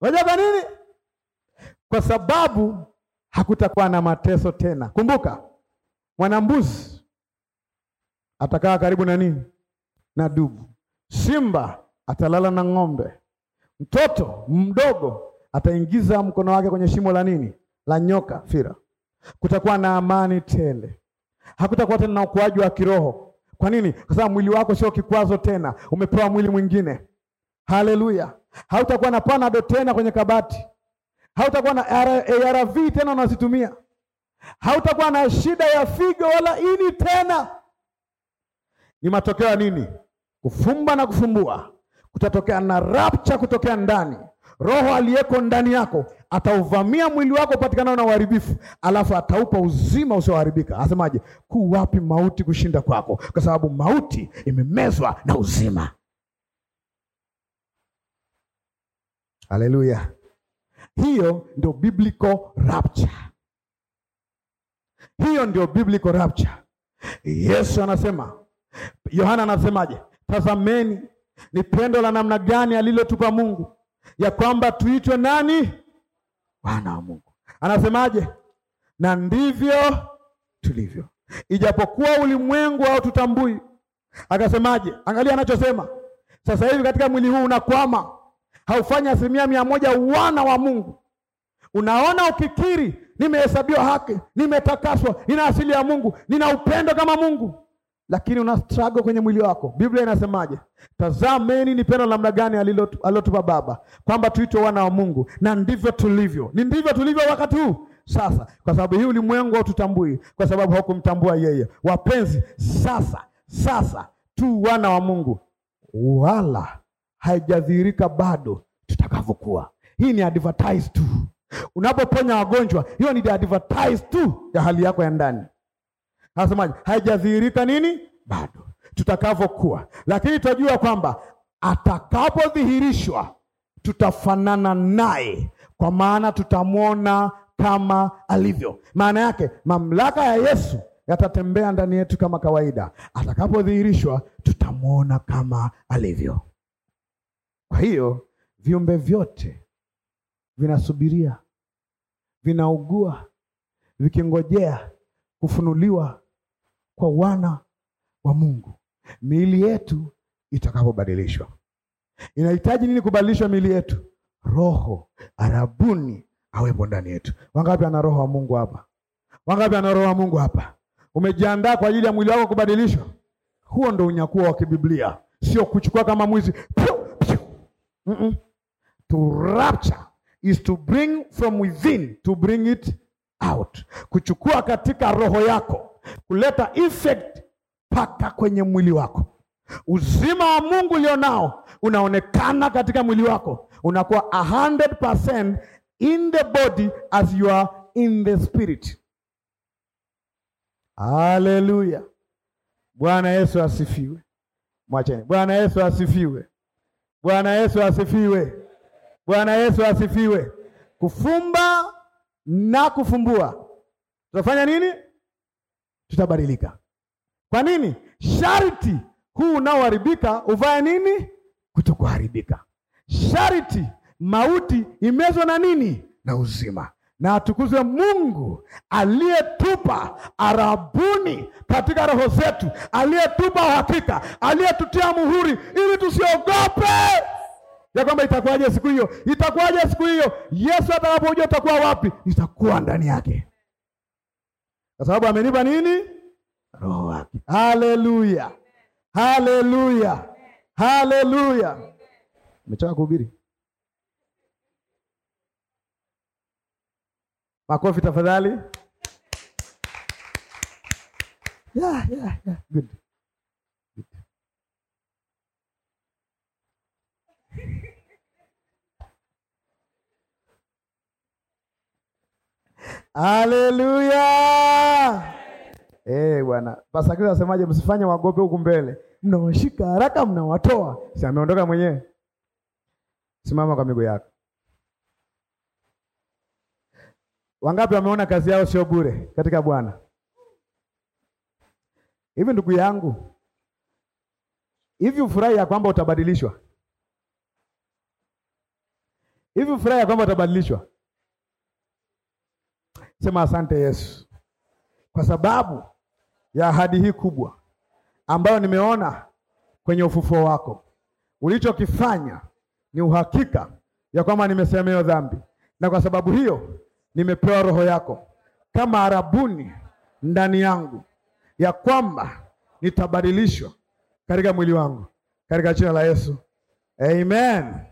Speaker 1: Unajua kwa nini? Kwa sababu hakutakuwa na mateso tena. Kumbuka mwanambuzi atakaa karibu na nini? Na dubu. Simba atalala na ng'ombe. Mtoto mdogo ataingiza mkono wake kwenye shimo la nini? La nyoka fira. Kutakuwa na amani tele. Hakutakuwa tena na ukuaji wa kiroho. Kwa nini? Kwa sababu mwili wako sio kikwazo tena, umepewa mwili mwingine. Haleluya! hautakuwa na panado tena kwenye kabati, hautakuwa na ARV tena unazitumia, hautakuwa na shida ya figo wala ini tena. Ni matokeo ya nini? Kufumba na kufumbua, kutatokea na rapture kutokea ndani Roho aliyeko ndani yako atauvamia mwili wako upatikanao na uharibifu, alafu ataupa uzima usioharibika. Asemaje? Ku wapi mauti kushinda kwako? Kwa sababu mauti imemezwa na uzima. Haleluya! Hiyo ndio biblical rapture, hiyo ndio biblical rapture. Yesu anasema, Yohana anasemaje? Tazameni ni pendo la namna gani alilotupa Mungu ya kwamba tuitwe nani? Wana wa Mungu. Anasemaje? Na ndivyo tulivyo, ijapokuwa ulimwengu au tutambui Akasemaje? Angalia anachosema sasa hivi katika mwili huu unakwama haufanyi asilimia mia moja wana wa Mungu. Unaona, ukikiri nimehesabiwa haki, nimetakaswa, nina asili ya Mungu, nina upendo kama Mungu, lakini una struggle kwenye mwili wako. Biblia inasemaje? Tazameni ni pendo la namna gani alilotupa Baba, kwamba tuitwe wana wa Mungu, na ndivyo tulivyo. Ni ndivyo tulivyo wakati huu sasa, kwa sababu hii ulimwengu haututambui, kwa sababu haukumtambua yeye. Wapenzi, sasa sasa tu wana wa Mungu wala haijadhihirika bado tutakavyokuwa. Hii ni advertise tu. Unapoponya wagonjwa, hiyo ni advertise tu ya hali yako ya ndani. Anasemaje? haijadhihirika nini bado tutakavyokuwa, lakini tutajua kwamba atakapodhihirishwa tutafanana naye, kwa maana tutamwona kama alivyo. Maana yake mamlaka ya Yesu yatatembea ndani yetu kama kawaida. Atakapodhihirishwa tutamwona kama alivyo. Kwa hiyo viumbe vyote vinasubiria, vinaugua, vikingojea kufunuliwa kwa wana wa Mungu miili yetu itakapobadilishwa. Inahitaji nini kubadilishwa miili yetu? Roho arabuni awepo ndani yetu. Wangapi ana roho wa Mungu hapa? Wangapi ana roho wa Mungu hapa? Umejiandaa kwa ajili ya mwili wako kubadilishwa? Huo ndo unyakuo wa kibiblia, sio kuchukua kama mwizi Piu! Mm -mm. To rapture is to bring from within to bring it out, kuchukua katika roho yako, kuleta effect mpaka kwenye mwili wako. Uzima wa Mungu ulionao unaonekana katika mwili wako, unakuwa 100% in the body as you are in the spirit. Haleluya! Bwana Yesu asifiwe. Mwacheni. Bwana Yesu asifiwe. Bwana Yesu asifiwe. Bwana Yesu asifiwe. Kufumba na kufumbua, tutafanya nini? Tutabadilika. Kwa nini? Sharti huu unaoharibika uvae nini? Kutokuharibika. Sharti mauti imezwa na nini? Na uzima na atukuzwe Mungu aliyetupa arabuni katika roho zetu, aliyetupa uhakika, aliyetutia muhuri, ili tusiogope ya kwamba itakuwaje siku hiyo, itakuwaje siku hiyo. Yesu atakapokuja utakuwa wapi? Nitakuwa ndani yake, kwa sababu amenipa nini? Roho wake. Haleluya, haleluya, haleluya. Umechoka kuhubiri? Makofi tafadhali. Yeah, yeah, yeah. Good. Good. Aleluya. Eh, bwana. Pastor kile asemaje msifanye wagope huku mbele. Mnawashika haraka mnawatoa. Si ameondoka mwenyewe. Simama kwa miguu yako. Wangapi wameona kazi yao sio bure katika Bwana? Hivi ndugu yangu, hivi ufurahi ya kwamba utabadilishwa? Hivi ufurahi ya kwamba utabadilishwa? Sema asante Yesu, kwa sababu ya ahadi hii kubwa ambayo nimeona kwenye ufufuo wako. Ulichokifanya ni uhakika ya kwamba nimesemewa dhambi, na kwa sababu hiyo nimepewa roho yako kama arabuni ndani yangu, ya kwamba nitabadilishwa katika mwili wangu, katika jina la Yesu, amen.